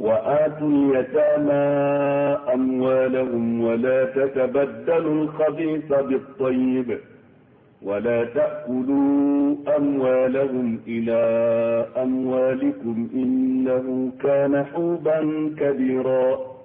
وآتوا اليتامى أموالهم ولا تتبدلوا الخبيث بالطيب ولا تأكلوا أموالهم إلى أموالكم إنه كان حوبا كبيرا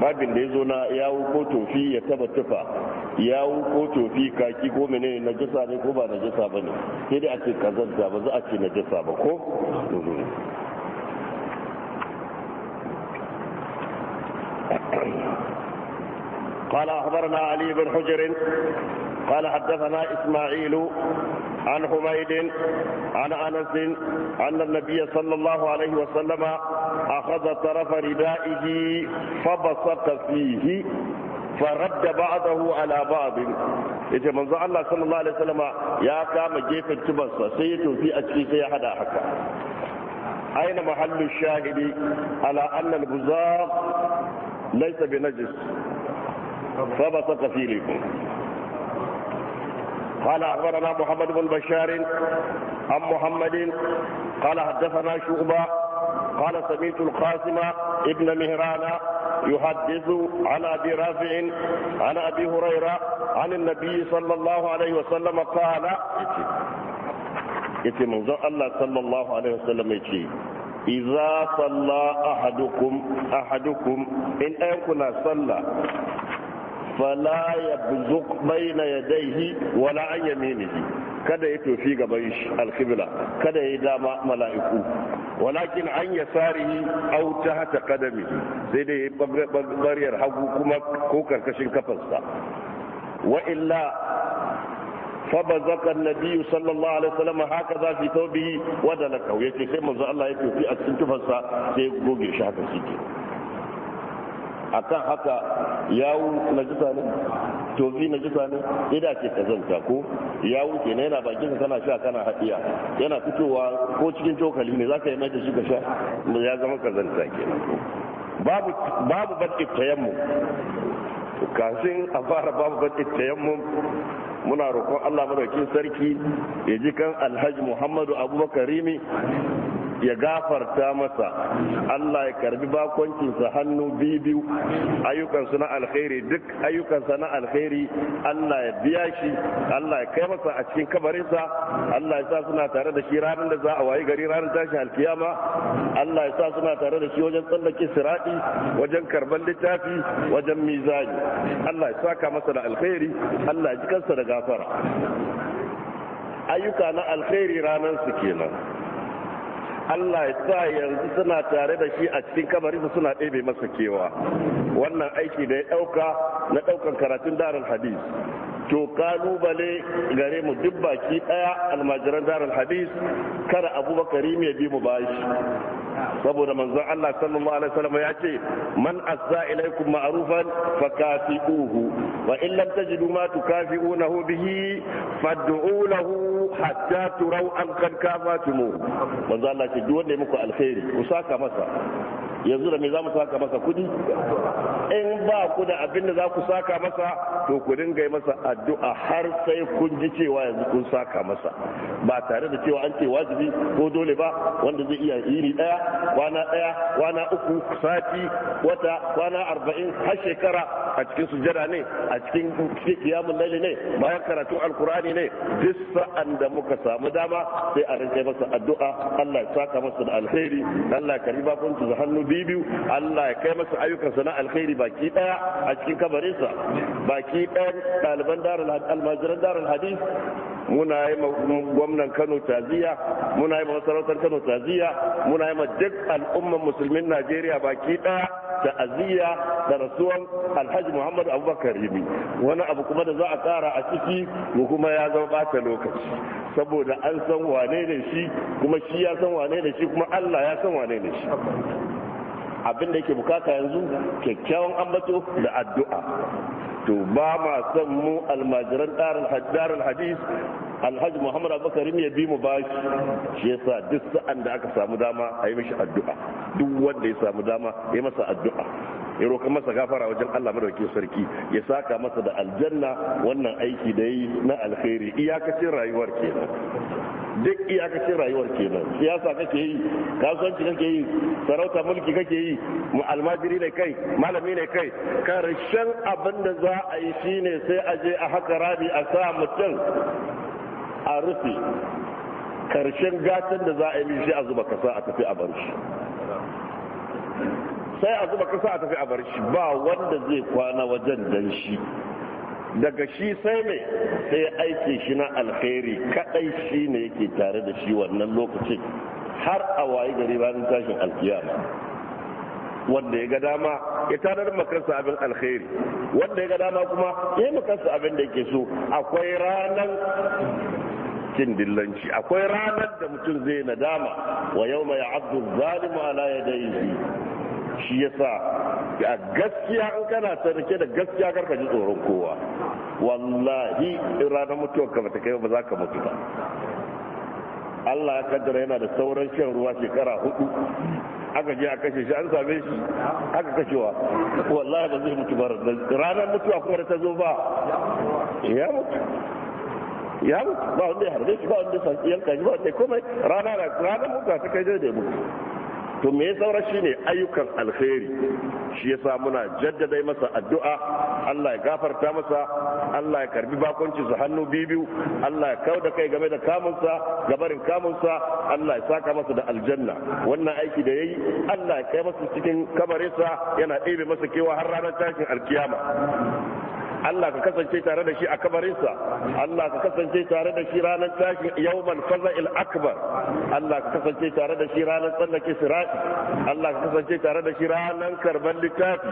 babin da ya zo na yawo ko tofi ya taba tufa yawo ko tofi kaki ko menene na jisa ne ko ba na jisa ba ne sai dai a ce kazanta ba za a ce na jisa ba ko قال أخبرنا علي بن حجر قال حدثنا إسماعيل عن حميد عن أنس أن النبي صلى الله عليه وسلم أخذ طرف ردائه فبصق فيه فرد بعضه على بعض yace manzo Allah sallallahu alaihi wasallama ya kama gefen tubarsa sai ya tofi a ciki sai ya hada haka aina mahallu shahidi ala anna al-buzaq laysa bi najis fa basata fi likum قال أخبرنا محمد بن بشار عن محمد قال حدثنا شعبة قال سمعت القاسم ابن مهران يحدث عن ابي رافع عن ابي هريره عن النبي صلى الله عليه وسلم قال yace manzon الله sallallahu alaihi wasallam yace idza salla ahadukum احدكم in ayyuku na fala na ya yadayhi wala an yaminihi kada ya tofi gaban shi alkibla kada ya dama mala'iku walakin an au ta tahta qadamihi sai dai ya bariyar hagu kuma ko karkashin kafarsa wa illa فبزق النبي صلى الله عليه وسلم هكذا في ثوبه ودلكه يتي الله يتي في اتسن تفسا سي akan haka yawu jisa ne tofi jisa ne ida ce kazanta ko yawu ke na yana bakin kana sha kana haɗiya yana fitowa ko cikin cokali ne zaka yi mai da shi ka sha ya zama kazanta kenan ko babu babu tayammu kafin a fara babu bakit tayammu muna roƙon Allah madaukin sarki ya ji kan Alhaji Muhammadu Abubakar Rimi ya gafarta masa Allah ya karbi bakoncinsa hannu biyu ayyukansu na alkhairi duk ayyukansa na alkhairi Allah ya biya shi Allah ya kai masa a cikin kabarinsa Allah ya sa suna tare da shi ranar da za a wayi gari ranar tashin alkiyama Allah ya sa suna tare da shi wajen tsallake sirati wajen karban littafi wajen mizani Allah ya saka masa da alkhairi Allah ya ji kansa da gafara ayyuka na alkhairi ranar su kenan Allah ya sa yanzu suna tare da shi a cikin su suna ɗebe masa kewa wannan aiki da ya ɗauka na ɗaukan karatun darin hadis to kalubale gare mu duk baki ɗaya almajiran darin hadis kada abubakar ya bi mu bashi saboda manzon Allah sallallahu alaihi wasallam ya ce man azza ilaikum ma'rufan fakafi'uhu wa in lam tajidu ma tukafi'unahu bihi fad'u lahu hatta turau an kan kama tumu manzo Allah ce duk wanda ya muku alkhairi ku saka masa yanzu da me za mu saka masa kudi in ba ku da abin da za ku saka masa to ku dinga yi masa addu'a har sai kun ji cewa yanzu kun saka masa ba tare da cewa an ce wajibi ko dole ba wanda zai iya iri daya kwana daya kwana uku sati wata kwana arba'in har shekara a cikin sujada ne a cikin kiyamun laili ne bayan karatun alkur'ani ne duk sa'an da muka samu dama sai a rinka masa addu'a Allah ya saka masa da alheri. Allah ya karbi bakunci da hannu biyu Allah ya kai masa ayyukan sana'a alheri. baki daya a cikin kabarinsa baki ɗaya daliban darul almajiran darul hadis muna yi ma gwamnan Kano taziya muna yi masarautar Kano taziya muna yi ma duk al'umman musulmin Najeriya baki ɗaya ta'aziyya da rasuwan Alhaji Muhammadu Abubakar yi wani abu kuma da za a tsara a ciki mu kuma ya zama bata lokaci saboda an san wane ne shi kuma shi ya san wane ne shi kuma Allah ya san wane ne shi abin da yake bukata yanzu kyakkyawan ambato da addu'a to ba ma son mu almajiran darin hadis alhaji muhammad abubakar ya bi mu bashi shi yasa duk sa'an da aka samu dama a yi mishi addu'a duk wanda ya samu dama ya masa addu'a ya roƙa masa gafara wajen Allah madaukakin sarki ya saka masa da aljanna wannan aiki da yi na alkhairi iyakacin rayuwar kenan duk iyakacin rayuwar kenan siyasa kake yi kasuwanci kake yi sarauta mulki kake yi almajiri ne kai malami ne kai karshen abin da za a yi shine sai a je a haka rami a sa mutum a rufe karshen gatan da za a yi shi a zuba kasa a tafi a bar shi sai a zuba kasa a tafi a bar shi ba wanda zai kwana wajen dan shi daga shi sai mai sai aiki shi na alkhairi kadai shi ne yake tare da shi wannan lokacin har a wayi gari bayan tashin alkiyama wanda ya ga dama ya tarar makarsa abin alkhairi wanda ya ga dama kuma ya makarsa abin da yake so akwai ranar cin dillanci akwai ranar da mutum zai nadama wa yau mai abdu zalimu ala ya shi yasa a gaskiya in kana sarke da gaskiya karka ji tsoron kowa wallahi in ranar mutuwar ka bata kai ba za ka mutu ba Allah ya kaddara yana da sauran shan ruwa shekara hudu aka je a kashe shi an same shi aka kashewa wallahi ba zai mutu ba ranar mutuwa kuma da ta zo ba ya mutu ya mutu ba wanda ya harbe shi ba wanda ya yanka shi ba wanda ya komai rana mutuwa ta kai zai da mutu to me saura ne ayyukan alkhairi shi yasa muna jaddada masa addu'a Allah ya gafarta masa Allah ya karbi bakonci su hannu biyu Allah ya kauda kai game da kamunsa gabarin kamunsa Allah ya saka masa da aljanna wannan aiki da yayi Allah ya kai masa cikin kamarinsa yana ɗebe masa kewa har ranar tashin alkiyama Allah ka kasance tare da shi a kabarinsa Allah ka kasance tare da shi ranar tashin yawman faza'il akbar Allah ka kasance tare da shi ranar tsallake sirai Allah ka kasance tare da shi ranar karban littafi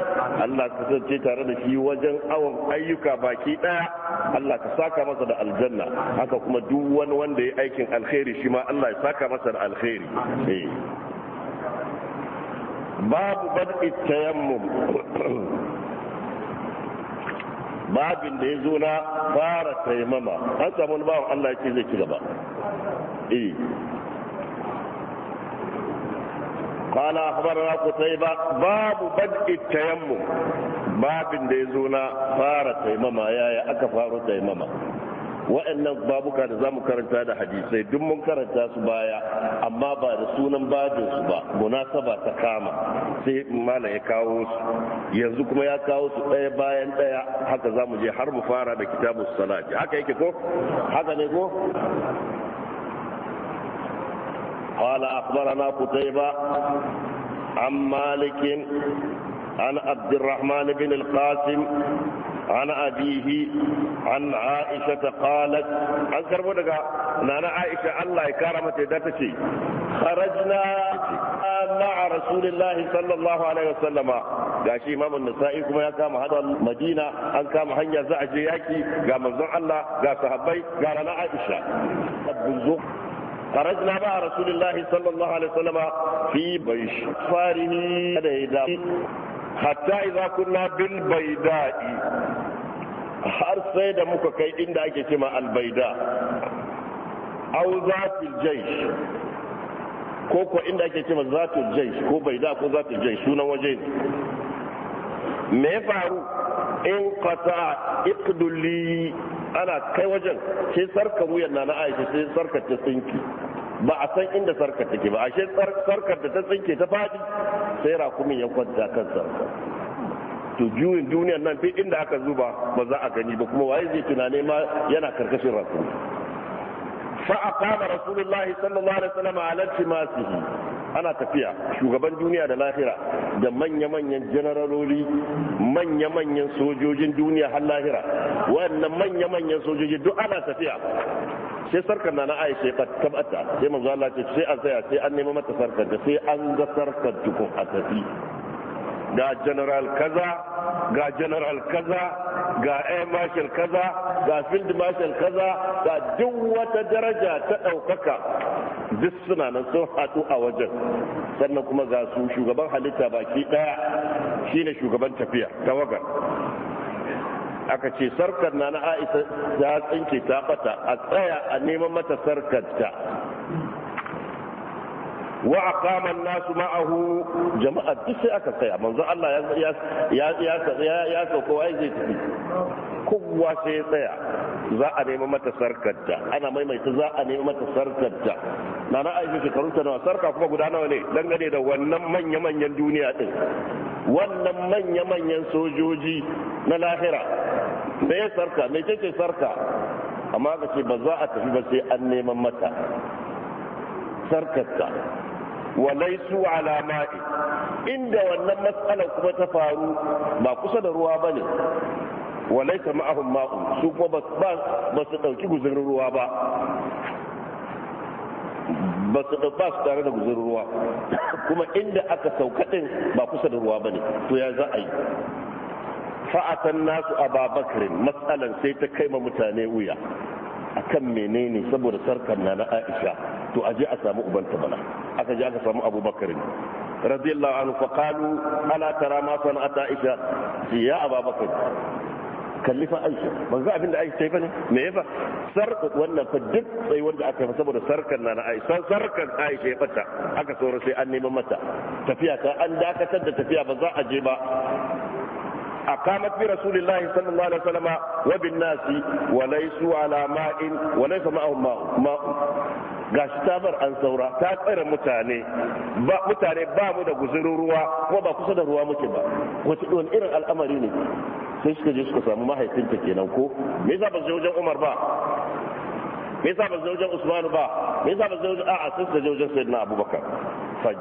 Allah ka kasance tare da shi wajen awon ayyuka baki daya Allah ka saka masa da aljanna haka kuma duk wani wanda ya aikin alkhairi shi ma Allah ya saka masa da alkhairi eh. babu bad'i tayammum babin da ya zo na fara taimama an samu wani bawan Allah ce zai ci gaba eh kwana kamar na ku sai ba babu bad'i tayammu babin da ya zo na fara taimama yaya aka faro taimama waɗannan babuka da zamu karanta da hadisai duk mun karanta su baya amma ba da sunan babin su ba munasaba ta kama sai mala ya kawo su yanzu kuma ya kawo su ɗaya bayan ɗaya haka zamu je har mu fara da kitabus salati haka yake ko haka ne ko akhbarana عن مالك عن عبد الرحمن بن القاسم عن أبيه عن عائشة قالت عن كربونك نانا عائشة الله كرمت دتشي خرجنا مع رسول الله صلى الله عليه وسلم gashi imamun nasa'i kuma ya kama hada madina an kama hanya za a je yaki ga manzon Allah ga sahabbai ga rana Aisha abdul خرجنا مع رسول الله صلى الله عليه وسلم في بيش فارني hatta idza kunna bil baida'i har sai da muka kai inda ake cima albaida aw zatil jaysh ko ko inda ake cima zatil jaysh ko baida ko zatil jaysh sunan waje ne me ya faru in qata iqduli ana kai wajen sai sarka wuyan na na Aisha sai sarka ta tsinki ba a san inda sarkar take ba ashe sarkar da ta tsinke ta faɗi sai rakumin ya kwanta kan sarkar to juyin duniyar nan fi inda aka zuba ba za a gani ba kuma waye zai tunane ma yana karkashin rakumi fa aqama rasulullahi sallallahu alaihi wasallam ala timasihi ana tafiya shugaban duniya da lahira da manya-manyan generaloli, manya-manyan sojojin duniya har lahira wannan manya-manyan sojoji duk ana tafiya sai sarkar na na aisha ya tabbata sai manzo Allah ce sai an tsaya sai an nemi mata sarkar da sai an ga sarkar tukun a tafi ga general kaza ga general kaza ga air marshal kaza ga field marshal kaza ga duk wata daraja ta ɗaukaka duk suna nan sun haɗu a wajen sannan kuma ga su shugaban halitta baki ɗaya shine shugaban tafiya tawagar aka ce sarkar na na aisha ta tsinke ta bata a tsaya a neman mata sarkarta wa aqama an-nasu ma'ahu jama'a duk sai aka tsaya manzo Allah ya ya ya ya kowa zai tafi kowa sai ya tsaya za a nemi mata sarkarta ana maimaita za a nemi mata sarkarta na na aiki shekaru ta nawa sarka kuma guda nawa ne dangane da wannan manya-manyan duniya din wannan manya-manyan sojoji na lahira me ya sarka me ce sarka amma ga ce ba za a tafi ba sai an neman mata sarkarta walai ala ma'i inda wannan matsalar kuma ta faru ba kusa da ruwa ba ne walaisa ma'ahun ma'u su kuma ba su ɗauki guzurin ruwa ba ba su ba su tare da guzurin ruwa kuma inda aka sauka ba kusa da ruwa ba ne to ya za a yi fa'atan nasu aba bakrin matsalan sai ta kai ma mutane wuya akan menene saboda sarkar na na aisha to a je a samu ubanta bana aka je aka samu abubakar radiyallahu anhu fa qalu ala tara ma sana'at aisha ya ababakar kalli fa aisha ban ga abin da aisha ta yi bane me ya fa sarka wannan fa duk sai wanda aka yi saboda sarkar na na aisha sarkar aisha ya bata aka saura sai an neman mata tafiya ta an dakatar da tafiya ba za a je ba أقامت برسول الله صلى الله عليه وسلم وبالناس وليسوا على ماء وليس ماء, ماء. gashi ta bar an saura ta tsara mutane ba mutane ba mu da guzurin ruwa kuma ba kusa da ruwa muke ba wace don irin al'amari ne sai suka je suka samu mahaifinta kenan ko me yasa ba su je wajen Umar ba me yasa ba zaujen usman ba me yasa ba zaujen a'a sun da zaujen sayyidina abubakar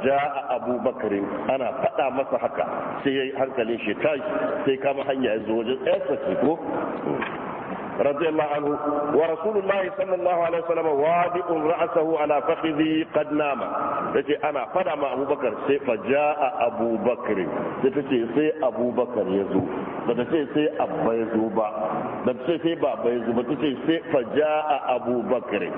jaa abubakar ana faɗa masa haka sai yayi hankalin shi tashi sai kama hanya ya zo wajen ɗaya ko رضي الله عنه ورسول الله صلى الله عليه وسلم وادئ رأسه على فخذه قد نام تتي أنا فدا مع أبو بكر سي فجاء أبو بكر تتي سي أبو بكر يزو تتي سي أبا يزو با تتي سي بابا يزو تتي سي فجاء أبو بكر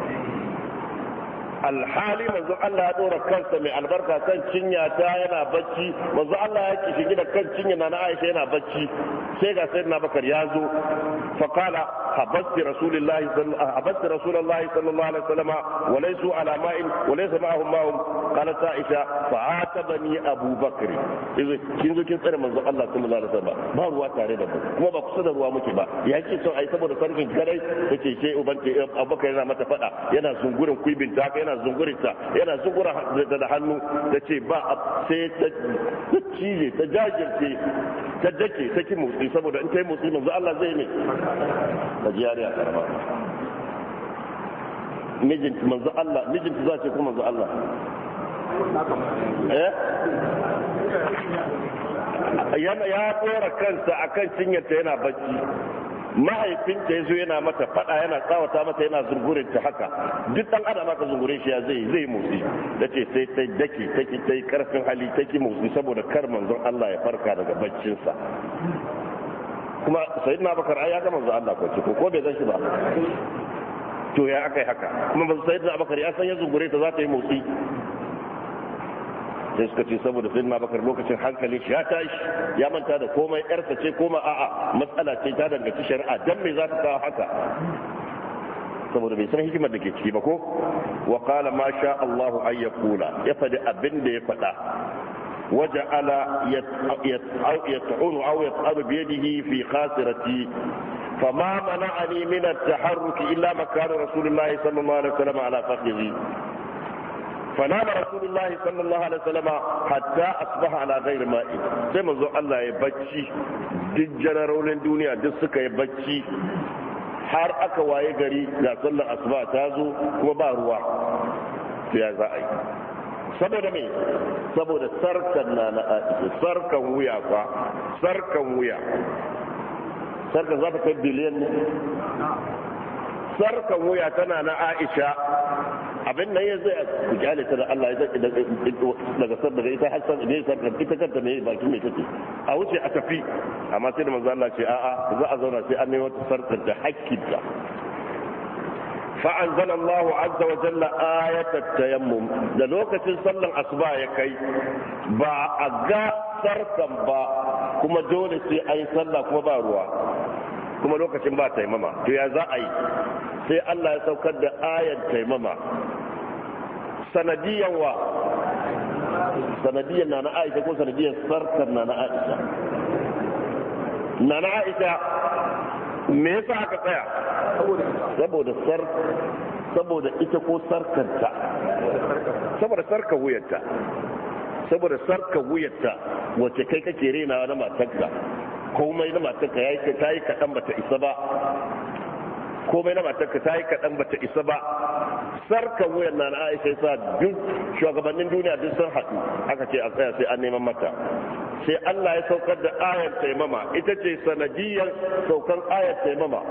alhali manzo Allah ya dora kansa mai albarka kan cinya ta yana bacci manzo Allah ya ki shige da kan cinya na Aisha yana bacci sai ga sayyidina Bakar ya zo fa qala habasti rasulullahi habasti rasulullahi sallallahu alaihi wasallam wa laysu ala ma'in wa laysa ma'ahum ma'hum qalat Aisha fa atabani Abu Bakr idan kin zo kin tsare manzo Allah sallallahu alaihi wasallam ba ruwa tare da mu kuma ba kusa da ruwa muke ba ya ce son ai saboda sarkin kadai yake ke uban Abu Bakar yana mata fada yana zungurin kuibin ta kai yana zungurita yana zungura da hannu ta ce ba a sai ta cije ta jajirce ta dake ta ki motsi saboda in ta yi motsi manzo Allah zai ne ta ji yari a karama mijinta manzo Allah mijinta za ce ko manzo Allah eh ya tsora kansa akan cinyarta yana bacci mahaifinta ya zo yana mata fada yana tsawata mata yana zungurin ta haka duk dan adam aka zungure shi ya zai zai motsi da ce sai ta dake take ta yi karfin hali take motsi saboda kar manzon Allah ya farka daga baccin sa. kuma sayyidina bakar ai ya ga manzon Allah ko ko bai zan shi ba to ya aka yi haka kuma manzon sayyidina bakar ya san ya zungure ta za ta yi motsi sai suka ce saboda sai na bakar lokacin hankali shi ya tashi ya manta da komai yarsa ce koma a'a matsala ce ta danganci shari'a dan me za ta kawo haka saboda bai san hikimar da ke ciki ba ko wa qala ma sha Allahu an yaqula ya faɗi abin da ya faɗa وجعل يطعن او يطعن بيده في خاسرتي فما منعني من التحرك الا مكان رسول الله صلى الله عليه وسلم على فخذي فنام رسول الله صلى الله عليه وسلم حتى أصبح على غير ماء sai manzo Allah ya bacci duk janarorin duniya duk suka yi har aka waye gari ga sallar asuba ta zo kuma ba ruwa sai ya za a yi saboda me saboda sarkan na na sarkan wuya fa sarkan wuya sarkan za ta kai biliyan ne sarkan wuya tana na Aisha abin nan ya zai ku kyale ta da Allah ya zai daga sar daga ita har san ne sar da ita kanta ne bakin mai tafi. a wuce a tafi amma sai da manzo Allah ce a'a za a zauna sai an nemi wata sar da hakkin ta fa anzalallahu azza wa jalla ayatat tayammum da lokacin sallan asuba ya kai ba a ga sarkan ba kuma dole sai ayi salla kuma ba ruwa kuma lokacin ba taimama to ya za a yi sai Allah ya saukar da ayat taimama sanadiyan wa sanadiyan na na aisha ko sanadiyan sarkar na na aisha na na aisha me yasa aka tsaya saboda sar saboda ita ko sarkarta saboda sarkar wuyarta saboda sarkar wuyarta wacce kai kake rena na matarka komai na matarka yayi ta yi kaɗan bata isa ba komai na matarka ta yi kaɗan ba ta isa ba sarkan wuyan na aisha sa duk shugabannin duniya duk sun haɗu aka ce a tsaya sai an neman mata sai Allah ya saukar da ayar taimama ita ce sanadiyar saukan ayar taimama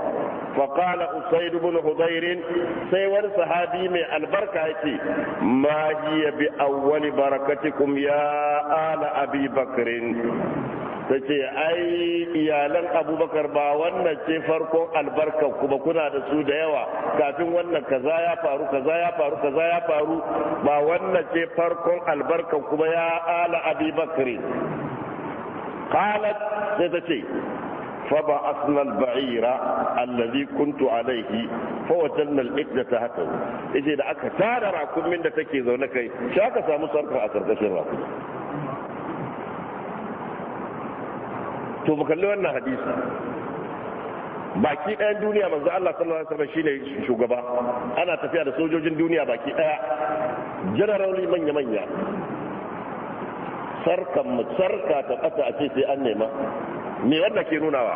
faqala usayd ibn hudayr sai wani sahabi mai albarka yake ma hiya bi awwali barakatikum ya ala abi bakrin ta ce ai iyalan abubakar ba wannan ce farkon albarkar kuma kuna da su da yawa kafin wannan kaza ya faru kaza ya faru kaza ya faru ba wannan ce farkon albarkar kuma ya ala abubakari kalat sai ta ce fa faba asnal ba'ira allazi kuntu alaihi fa wajanna al-iqda ta haka ije da aka tara rakumin da take zaune kai shi aka samu sarkar a karkashin rakumin to mu kalli wannan hadisi baki ɗayan duniya manzo Allah sallallahu alaihi wasallam shine shugaba ana tafiya da sojojin duniya baki ɗaya generally manya manya sarkan mu sarka ta kasa a ce sai an nema me wanda ke nunawa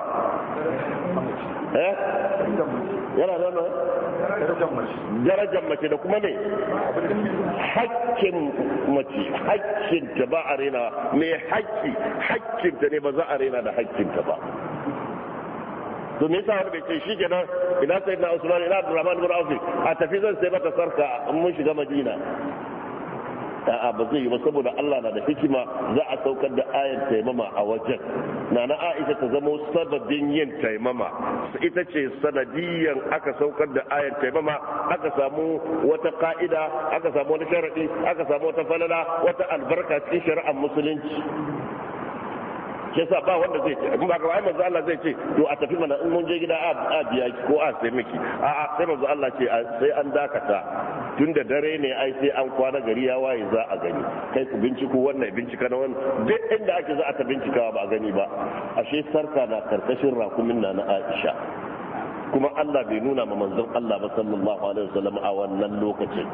eh yana nuna darajar mace da kuma ne hakkin mace hakkin ta ba a rena me hakki hakkin ta ne ba za a rena da hakkin ta ba to me yasa wani bai ce shi kenan ina na usman ina abdurrahman ibn auf a tafi zan sai mata sarka mun shiga madina a'a ba zai yi ba saboda Allah na da hikima za a saukar da ayar taimama a wajen na na Aisha ta zama sababin yin taimama ita ce sanadiyan aka saukar da ayar taimama aka samu wata ka'ida aka samu wata sharadi aka samu wata falala wata albarka cikin shari'ar musulunci shi yasa ba wanda zai ce abin ba kamar manzo Allah zai ce to a tafi mana in mun je gida a biya ki ko a sai miki a a sai manzo Allah ce sai an dakata tun dare ne ai sai an kwana gari ya waye za a gani kai ku binciko wannan bincika na wannan duk inda ake za a ta bincikawa ba gani ba ashe sarka na karkashin rakumin na na Aisha kuma Allah bai nuna ma manzon Allah ba sallallahu alaihi wasallam a wannan lokacin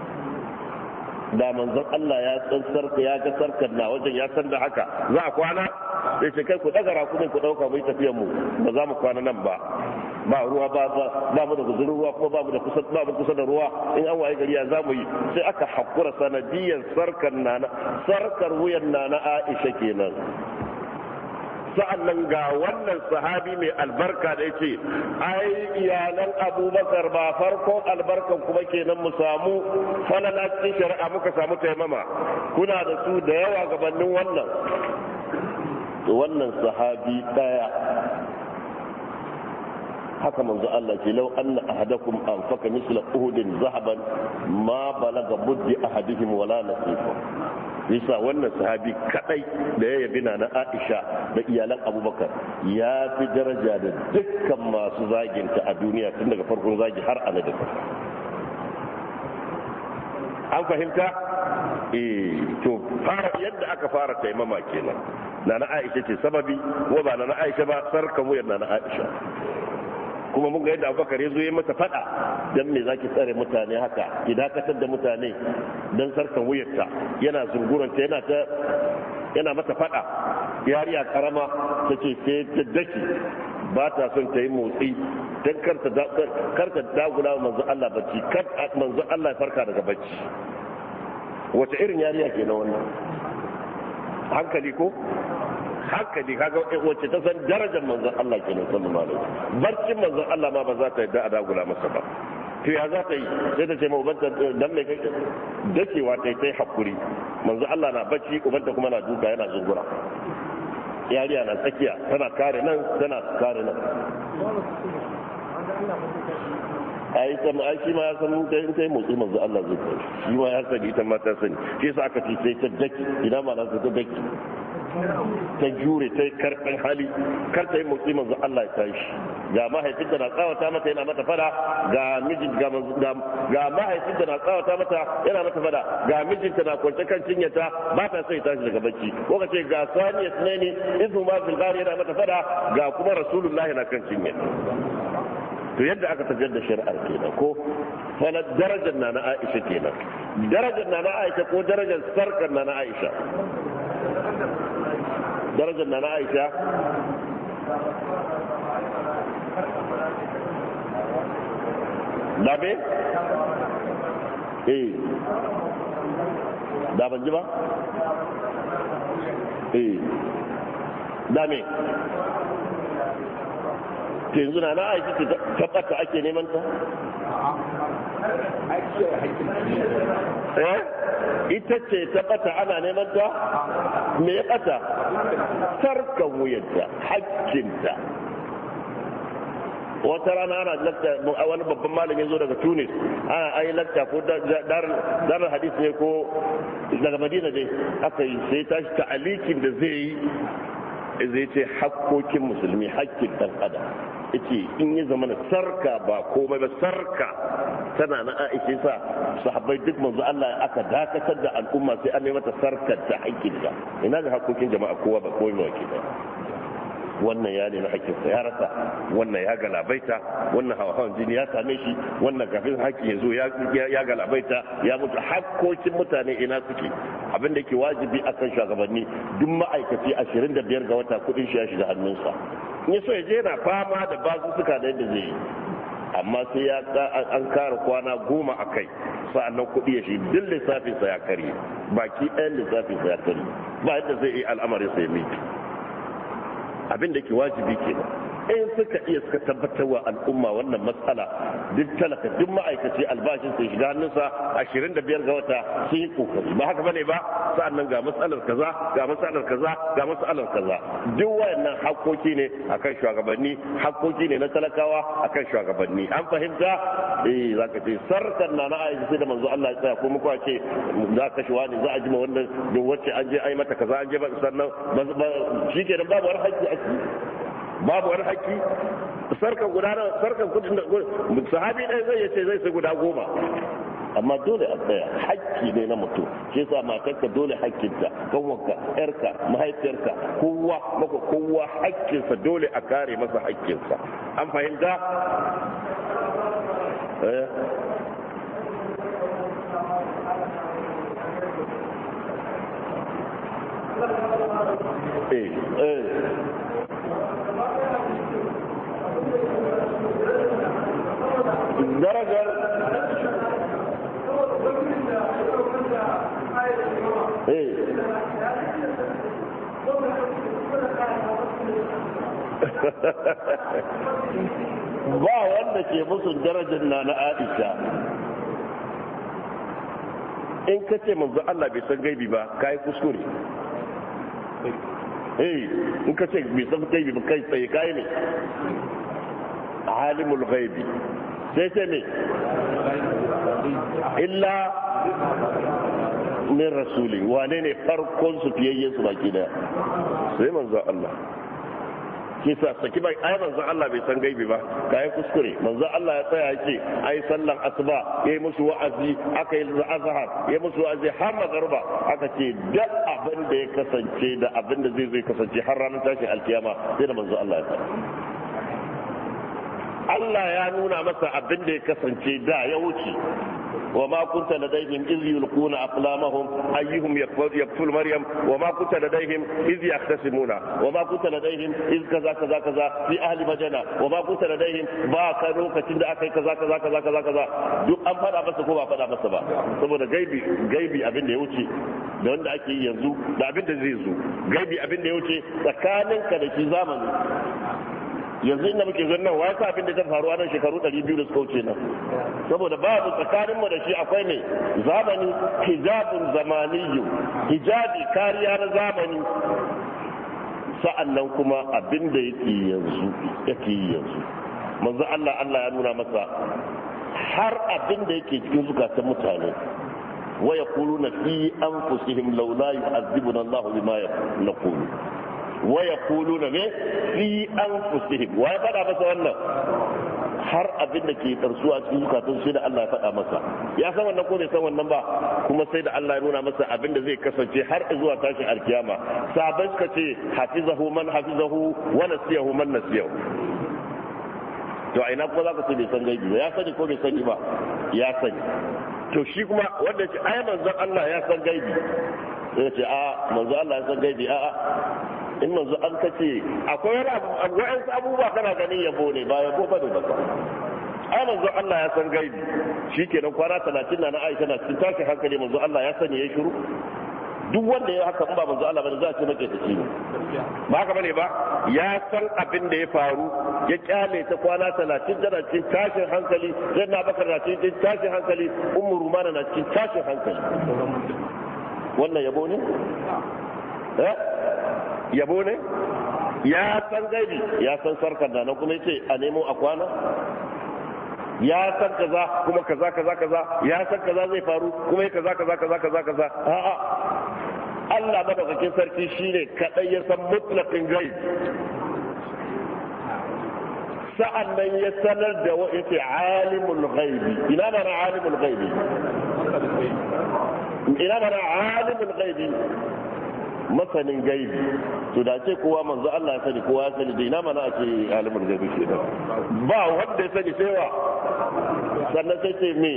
da manzon Allah ya tsantsar ya ga sarkar na wajen ya san da haka za a kwana sai ce kai ku daga rakumin ku dauka mai tafiyar mu ba za mu kwana nan ba ba ruwa ba ba mu da guzurin ruwa kuma ba mu da kusa ba mu kusa da ruwa in an waye gari ya za mu yi sai aka hakura sanadiyan sarkar nana sarkar wuyan nana Aisha kenan sa'annan ga wannan sahabi mai albarka da yake ai iyalan abubakar ba farkon albarkan kuma kenan mu samu falala cikin shari'a muka samu taimama kuna da su da yawa gabanin wannan wannan sahabi daya haka manzo Allah ce lau anna ahadakum anfaka misla uhudin zahaban ma balaga buddi ahadihim wala nasifa nisa wannan sahabi kadai da ya yabi na Aisha da iyalan Abubakar ya fi daraja da dukkan masu zaginta a duniya tun daga farkon zagi har ta. an fahimta eh to fara yadda aka fara taimama kenan na na Aisha ce sababi ko ba na Aisha ba sarkamu yadda na na Aisha kuma mun ga yadda abubakar ya zo ya mata fada dan me zaki tsare mutane haka ki dakatar da mutane dan sarkan wuyarta yana ta yana ta yana mata fada yariya karama ta ce ta daki ba ta son ta yi motsi dan karta dagula manzo Allah bacci kar manzo Allah ya farka daga bacci wace irin yariya ke na wannan hankali ko haka ne kaga eh, wacce ta san darajar manzon Allah kenan sallallahu alaihi wasallam barcin manzon Allah ma ba za ta yadda a dagula masa ba to ya za ta yi sai ta ce ma ubanta eh, dan mai kai dakewa ta yi ta yi hakuri manzon Allah na bacci ubanta kuma na duka yana zungura yariya na tsakiya tana kare nan tana kare nan ai sama ai shi ma ya san in kai motsi manzo Allah zai kai shi ma ya sani ita ma ta sani shi yasa aka ce sai ta daki ina ma na ta daki ta jure ta yi hali kar ta yi motsi manzo Allah ya tashi ga mahaifinta na tsawata mata yana mata fada ga mijin ga da na tsawata mata yana mata fada ga mijinta na kwance kan cinyata ba ta so ya tashi daga bacci ko ka ce ga saniya in izu ma filgari yana mata fada ga kuma rasulullahi na kan cinyata to yadda aka tafiyar da shari'ar kenan ko fana darajar na na Aisha kenan darajar na na Aisha ko darajar sarkar na na Aisha darajar na aisha da eh da ban ji ba? eh da me? ta yanzu na na aiki ta ake neman ta? eh? ita ce ta bata ana neman ta me ya bata sarkan wuyanta hakkinta wata rana ana lakta wani babban malami zo daga tunis ana ayi lakta ko darar hadis ne ko daga madina dai aka yi sai tashi ta'alikin da zai yi zai ce hakkokin musulmi hakkin ɗan adam yace in ya zama na sarka ba komai ba sarka tana na Aisha sa sahabbai duk manzo Allah aka dakatar da al'umma sai an mata sarkar ta hakkinta ina ga hakokin jama'a kowa ba komai ba ke ba wannan ya nemi hakkinsa ya rasa wannan ya galabaita wannan hawan jini ya same shi wannan kafin haƙƙi ya zo ya galabaita ya mutu hakkokin mutane ina suke abin da ke wajibi akan shugabanni duk ma'aikaci da biyar ga wata kudin shi ya shiga hannunsa in so ya je na fama da suka da yadda zai yi amma sai ya an kara kwana goma a kai sa'annan kuɗi ya shi duk lissafinsa ya karye baki ɗayan lissafinsa ya karye ba yadda zai yi al'amarin ya miki abin da ke wajibi kenan in suka iya suka tabbatar wa al'umma wannan matsala duk talaka duk ma'aikaci albashin sai shiga hannunsa ashirin da biyar ga wata sun yi kokari ba haka bane ba nan ga matsalar kaza ga matsalar kaza ga matsalar kaza duk wayannan hakkoki ne akan shugabanni hakkoki ne na talakawa akan shugabanni an fahimta eh zaka ce sarkar na na aiki sai da manzo Allah ya tsaya ko muku ce za ka shiwa ne za a jima wannan duk wacce an je ai mata kaza an je ba sannan nan babu wani hakki a ciki babu wani haƙƙi sarkan guda sarkan kudin da sahabi ɗaya zai yace zai sai guda goma amma dole a tsaya hakki ne na mutum shi yasa matarka dole haƙƙinta kanwanka ƴarka mahaifiyarka kowa maka kowa haƙƙinsa dole a kare masa haƙƙinsa an fahimta eh eh, eh. darajar eh. ba wanda ke musu darajar na na aisha in ka ce manzo Allah bai san gaibi ba ka yi kuskure eh in ka ce bai san gaibi ba kai tsaye ka yi ne alimul gaibi sai ce me illa min rasuli wane ne farkon su fiyayyen su baki daya sai manzo Allah kisa saki bai ai manzo Allah bai san gaibi ba kai kuskure manzo Allah ya tsaya yake ai sallan asuba yayi musu wa'azi aka yi azhar yayi musu wa'azi har magruba aka ce duk abin da ya kasance da abin da zai zai kasance har ranar tashin alkiyama sai da manzon Allah ya tsaya Allah ya nuna masa abin da ya kasance da ya wuce wa ma kunta ladaihim iz yulquna aflamahum ayyuhum ya yaful maryam wa ma kunta ladaihim iz yahtasimuna wa ma kunta ladaihim iz kaza kaza kaza fi ahli madina wa ma kunta ladaihim ba ka lokacin da akai kaza kaza kaza kaza kaza duk an fada masa ko ba fada masa ba saboda gaibi gaibi abin da ya wuce da wanda ake yanzu da abin da zai zo gaibi abin da ya wuce tsakaninka da shi zamani yanzu inda muke zuwa nan wasu sa abin da zai faruwa nan shekaru 200 da suka wuce nan saboda babu tsakanin mu da shi akwai ne zamani hijabun zamaniyu hijabi kariya na zamani Sa'an nan kuma abin da yake yanzu yake yanzu manzo Allah Allah ya nuna masa har abin da yake cikin zukatan mutane wa yaquluna fi anfusihim laula yu'adhibuna Allah bima yaqulu Waya kulu na me fi anfusihim wa ya faɗa masa wannan har abin da ke tarsu a cikin zukatun sai da Allah ya faɗa masa ya san wannan ko bai san wannan ba kuma sai da Allah ya nuna masa abin da zai kasance har zuwa tashin alkiyama sabai suka ce hafizahu man hafizahu wa nasiyahu man nasiyahu to a ina kuma za ka ce bai san gaibi ba ya sani ko bai sani ba ya sani to shi kuma wanda ce ai manzon Allah ya san gaibi sai ce a manzon Allah ya san gaibi a in manzo an kace akwai wa'ansu abubuwa kana ganin yabo ne ba yabo ba ne ba ai manzo Allah ya san gaibi shikenan kwana 30 na na Aisha na cikin tashi hankali manzo Allah ya sani ya shiru duk wanda ya haka ba manzo Allah bane za a ce mace ta ne ba haka bane ba ya san abin da ya faru ya kyale ta kwana 30 tana cikin tashin hankali zai na bakar na cikin tashin hankali ummu rumana na cikin tashin hankali wannan yabo ne eh? yabo ne ya san gaibi ya san sarkar da nan kuma yace a nemo a kwana ya san kaza kuma kaza kaza kaza ya san kaza zai faru kuma ya kaza kaza kaza kaza kaza a'a Allah madaukakin sarki shine kadai ya san mutlaqin gai sa'an nan ya sanar da wa yace alimul ghaibi ina mana alimul ghaibi ina mana alimul ghaibi masanin gaibi to da ce kowa manzo Allah ya sani kowa ya sani dai na mana a ce alimul gaibi ke da ba wanda ya sani cewa sannan sai ce me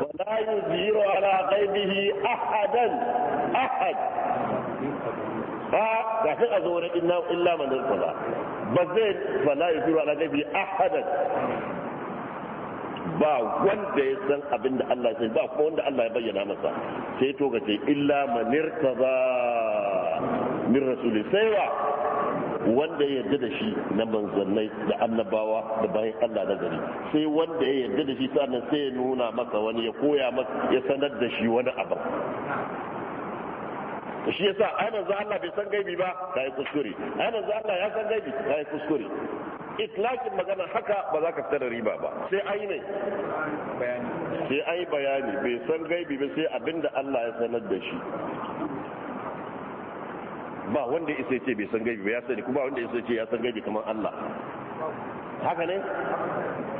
wala yuziru ala ghaibihi ahadan ahad ba kafin a zo wani illa man ba ba zai wala yuziru ala ghaibihi ahadan ba wanda ya san abin da Allah ya ba kuma wanda Allah ya bayyana masa sai to ce illa manir kaza min rasuli sai wa wanda ya yarda da shi na manzannai da annabawa da bayan Allah na gari sai wanda ya yarda da shi sannan sai ya nuna masa wani ya koya masa ya sanar da shi wani abu shi yasa ai manzo Allah bai san gaibi ba kai kuskure ai manzo Allah ya san gaibi kai kuskure itlakin magana haka ba za ka fita da riba ba sai ai ne sai ai bayani bai san gaibi ba sai abinda Allah ya sanar da shi ba wanda isa ce bai san gaibi ba ya sani kuma wanda isa ce ya san gaibi kamar Allah haka ne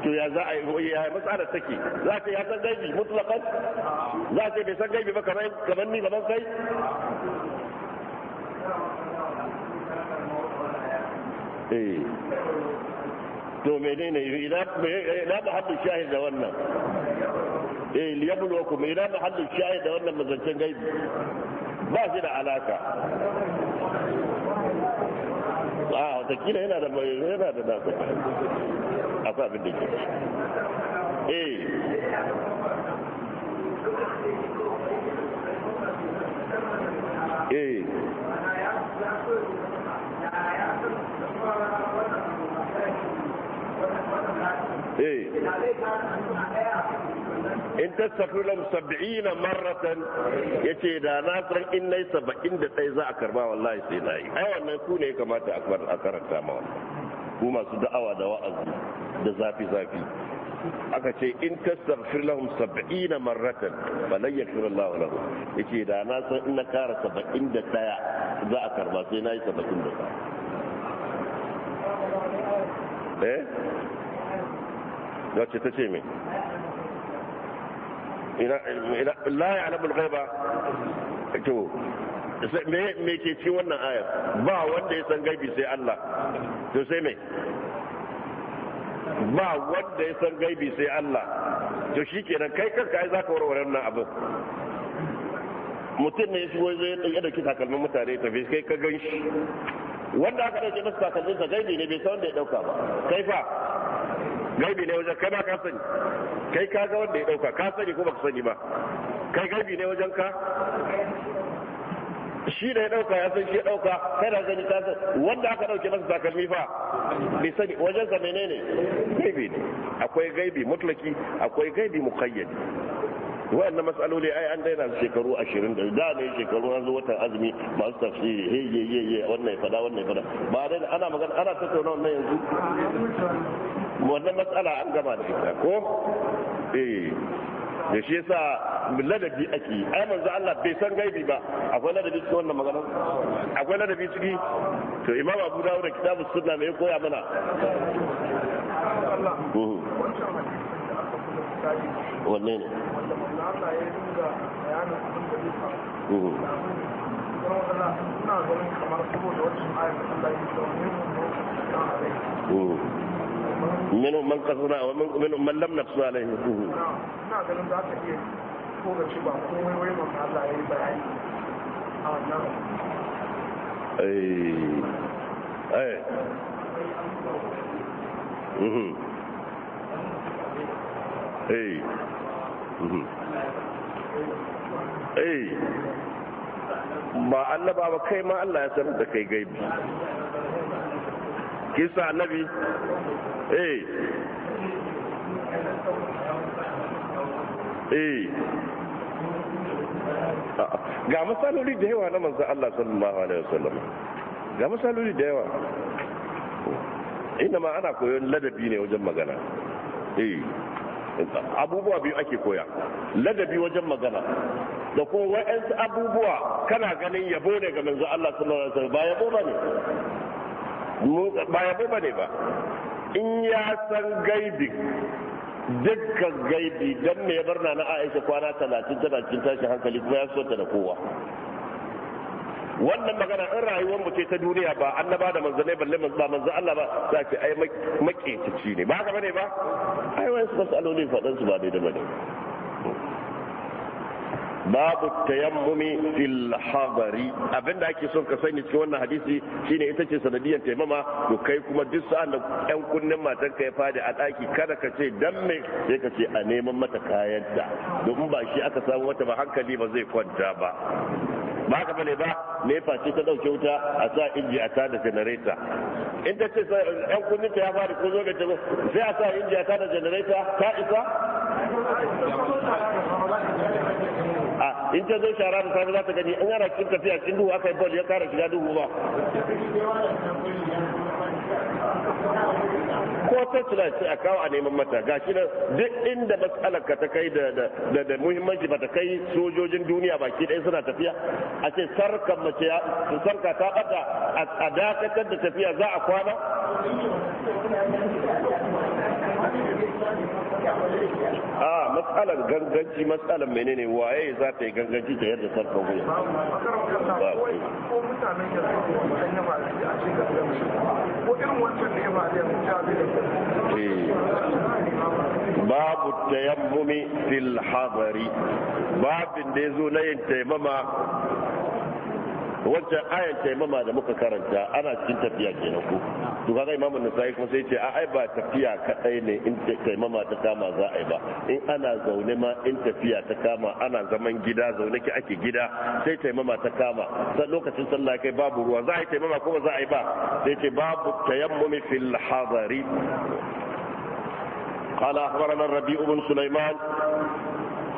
to ya za a yi ya matsalar take za ka ya san gaibi mutlaqan za ka bai san gaibi ba kamar kamar ni kamar kai eh to menene ina mahallin shahid da wannan eh liyabluwakum ina mahallin shahid da wannan mazancen gaibi ba shi da alaka a kila yana da yana da nasa a sa abin da ke eh eh eh in tastaghfiru lahum 70 marratan yace da na san in da 71 za a karba wallahi sai na nayi ai wannan ku ne kamata a karanta ma ku masu da'awa da wa'azi da zafi zafi aka ce in tastaghfir lahum 70 marratan falan yaghfir Allahu lahum yace da na san in na kara 71 za a karba sai na yi da 71 eh wacce ta ce mai la ya alamul ghaiba to me me ke ci wannan ayar ba wanda ya san gaibi sai Allah to sai me ba wanda ya san gaibi sai Allah to shikenan kai kanka ai zaka warware wannan abin mutum ne ya shigo ya dauki takalmin mutane tafi kai ka gan shi wanda aka dauke masa takalmin sa gaibi ne bai san wanda ya dauka ba kai fa gaibi ne wajen kai ba ka sani kai ka ga wanda ya dauka ka sani ko baka sani ba kai gaibi ne wajen ka shi da ya dauka ya san shi ya dauka kai da gani ka san wanda aka dauke masa takalmi fa bai sani wajen sa menene gaibi ne akwai gaibi mutlaki akwai gaibi muqayyad wayannan matsaloli ai an daina su shekaru 20 da da ne shekaru an zo watan azumi su tafsiri he ye ye ye wannan ya fada wannan ya fada ba dai ana magana ana tattauna wannan yanzu wannan matsala an gama da ita ko eh da shi yasa ladabi ake yi ai manzo Allah bai san gaibi ba akwai ladabi cikin wannan magana akwai ladabi ciki to imam Abu Dawud da kitabus sunna mai koya mana wanne ne hmm. minhum man wa man lam ina ganin za ka iya ko ga ci ba wai Allah bayani hmm. a wannan hey mm-hmm. hey ba Allah, ba kai ma Allah ya san da kai gaibi kisa annabi eh eh ga misaloli da yawa na manzan Allah sallallahu alaihi wasallam ga misaloli da yawa inda ma ana koyon ladabi ne wajen magana eh abubuwa biyu ake koya ladabi wajen magana da kuma wa'ansu abubuwa kana ganin yabo ga manzo Allah sallallahu alaihi wasallam ba yabo bane ba yabo bane ba in ya san gaibi dukkan gaibi dan me ya barna na Aisha kwana 30 tana cikin tashin hankali kuma ya so ta da kowa wannan magana in rayuwar mu ce ta duniya ba annaba da manzanai balle ba manzo Allah ba za ce ai makiyaci ne ba gaba ne ba ai wai su masalolin faɗan su ba ba ne. babu tayammumi fil hadari abinda ake son ka sani cikin wannan hadisi shine ita ce sanadiyar taimama to kai kuma duk sa'an da yan kunnen matan ka ya fadi a daki kada ka ce dan me sai ka ce a neman mata kayan da domin ba shi aka samu wata ba hankali ba zai kwanta ba ba ka bane ba me face ta dauke wuta a sa inji a tada generator in ta ce yan ta ya fara ko zo ga ta sai a sa inji a tada generator ta isa in ta zo shara da za ta gani in ana cikin tafiya cikin duhu aka yi bol ya kara shiga duhu ba ko ta tuna ce a kawo a neman mata gashi nan duk inda matsalar ka ta kai da muhimmanci ba ta kai sojojin duniya baki ɗaya suna tafiya a ce sarkar mace sarka ta bata a dakatar da tafiya za a kwana a matsalar ganganci matsalar menene waye za ta yi ganganci ta yadda sarka wuya ba ko mutanen babu tayammumi fil hadari babin da yazo na yin taimama wancan ayan taimama da muka karanta ana cikin tafiya ke kenan ko to kaga imamu sai kuma sai ce a ai ba tafiya kadai ne in taimama ta kama za a yi ba in ana zaune ma in tafiya ta kama ana zaman gida zaune ki ake gida sai taimama ta kama sai lokacin sallah kai babu ruwa za a yi taimama ko za a yi ba sai ce babu tayammumi fil hadari قال أخبرنا الربيع بن سليمان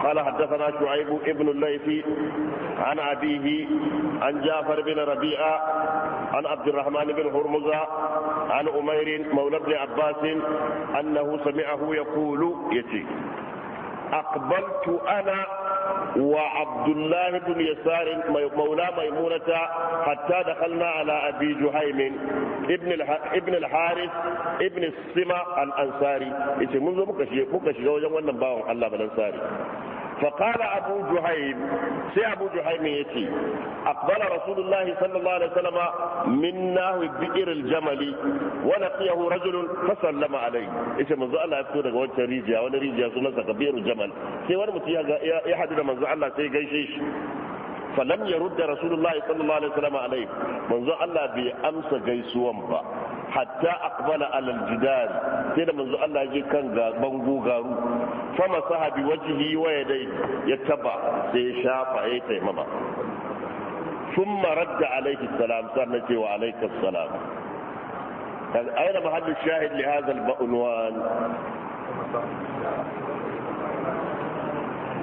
قال حدثنا شعيب ابن الليث عن أبيه عن جعفر بن ربيعة عن عبد الرحمن بن هرمزة عن أمير مولى بن عباس أنه سمعه يقول يتي أقبلت أنا وعبد الله بن يسار مولى ميمونة حتى دخلنا على أبي جهيم ابن ابن الحارث ابن السما الأنصاري يتي منذ مكشي مكشي وجه ونباهم الله بالأنصاري فقال أبو جهيم سي أبو جهيم يتي أقبل رسول الله صلى الله عليه وسلم من ناهو بئر الجمل ولقيه رجل فسلم عليه إيش من زعل يفتون قوات ريجيا ولا ريجيا سنسا كبير الجمل سي ورمت يحدد من زعل سي قيشيش فلم يرد رسول الله صلى الله عليه وسلم عليه من زعل بأمس قيسوان با hatta aqbala ala aljidar sai da manzo Allah ya kan ga bango garu fama sahabi wajhi wa yadai ya taba sai ya shafa ya tai mama thumma radda alayhi salam na ce wa alayka salam kan aina mahallu shahid li hadha al-ba'nwan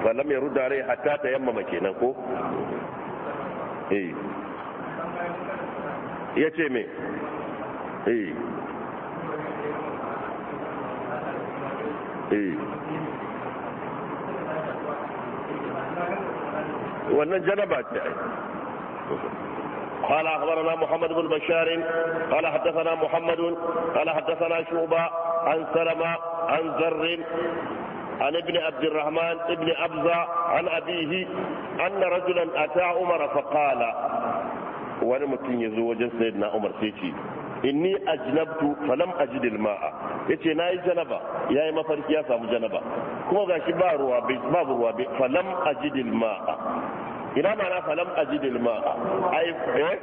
falam yarudda alayhi hatta tayammama kenan ko eh yace me ايه ايه wannan قال اخبرنا محمد بن بشار قال حدثنا محمد قال حدثنا شعبه عن سلمه عن زر عن ابن عبد الرحمن ابن ابزة عن ابيه ان رجلا اتى عمر فقال wani mutum سيدنا عمر سيتي inni ajnabtu falam ajid alma'a yace nayi janaba yayi mafarki ya samu janaba kuma gashi ba ruwa babu ruwa falam ajid alma'a ina mana falam ajid alma'a ai eh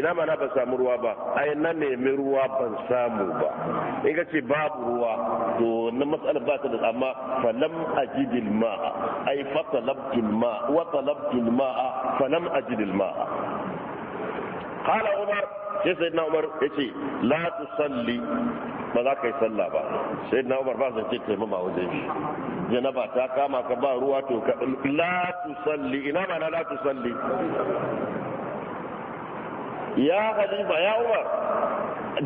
ina mana ban samu ruwa ba ai na nemi ruwa ban samu ba in ka ce babu ruwa to na matsalar ba ta da amma falam ajidil ma'a ai fa talabtul ma'a wa talabtul ma'a falam ajidil ma'a قال عمر sai na umar ce, la salli. ba za ka yi sallah ba na umar ba zance taimama wajen shi janaba ta kama ka ba ruwa to ka la salli. ina ba na la salli? ya ba ya umar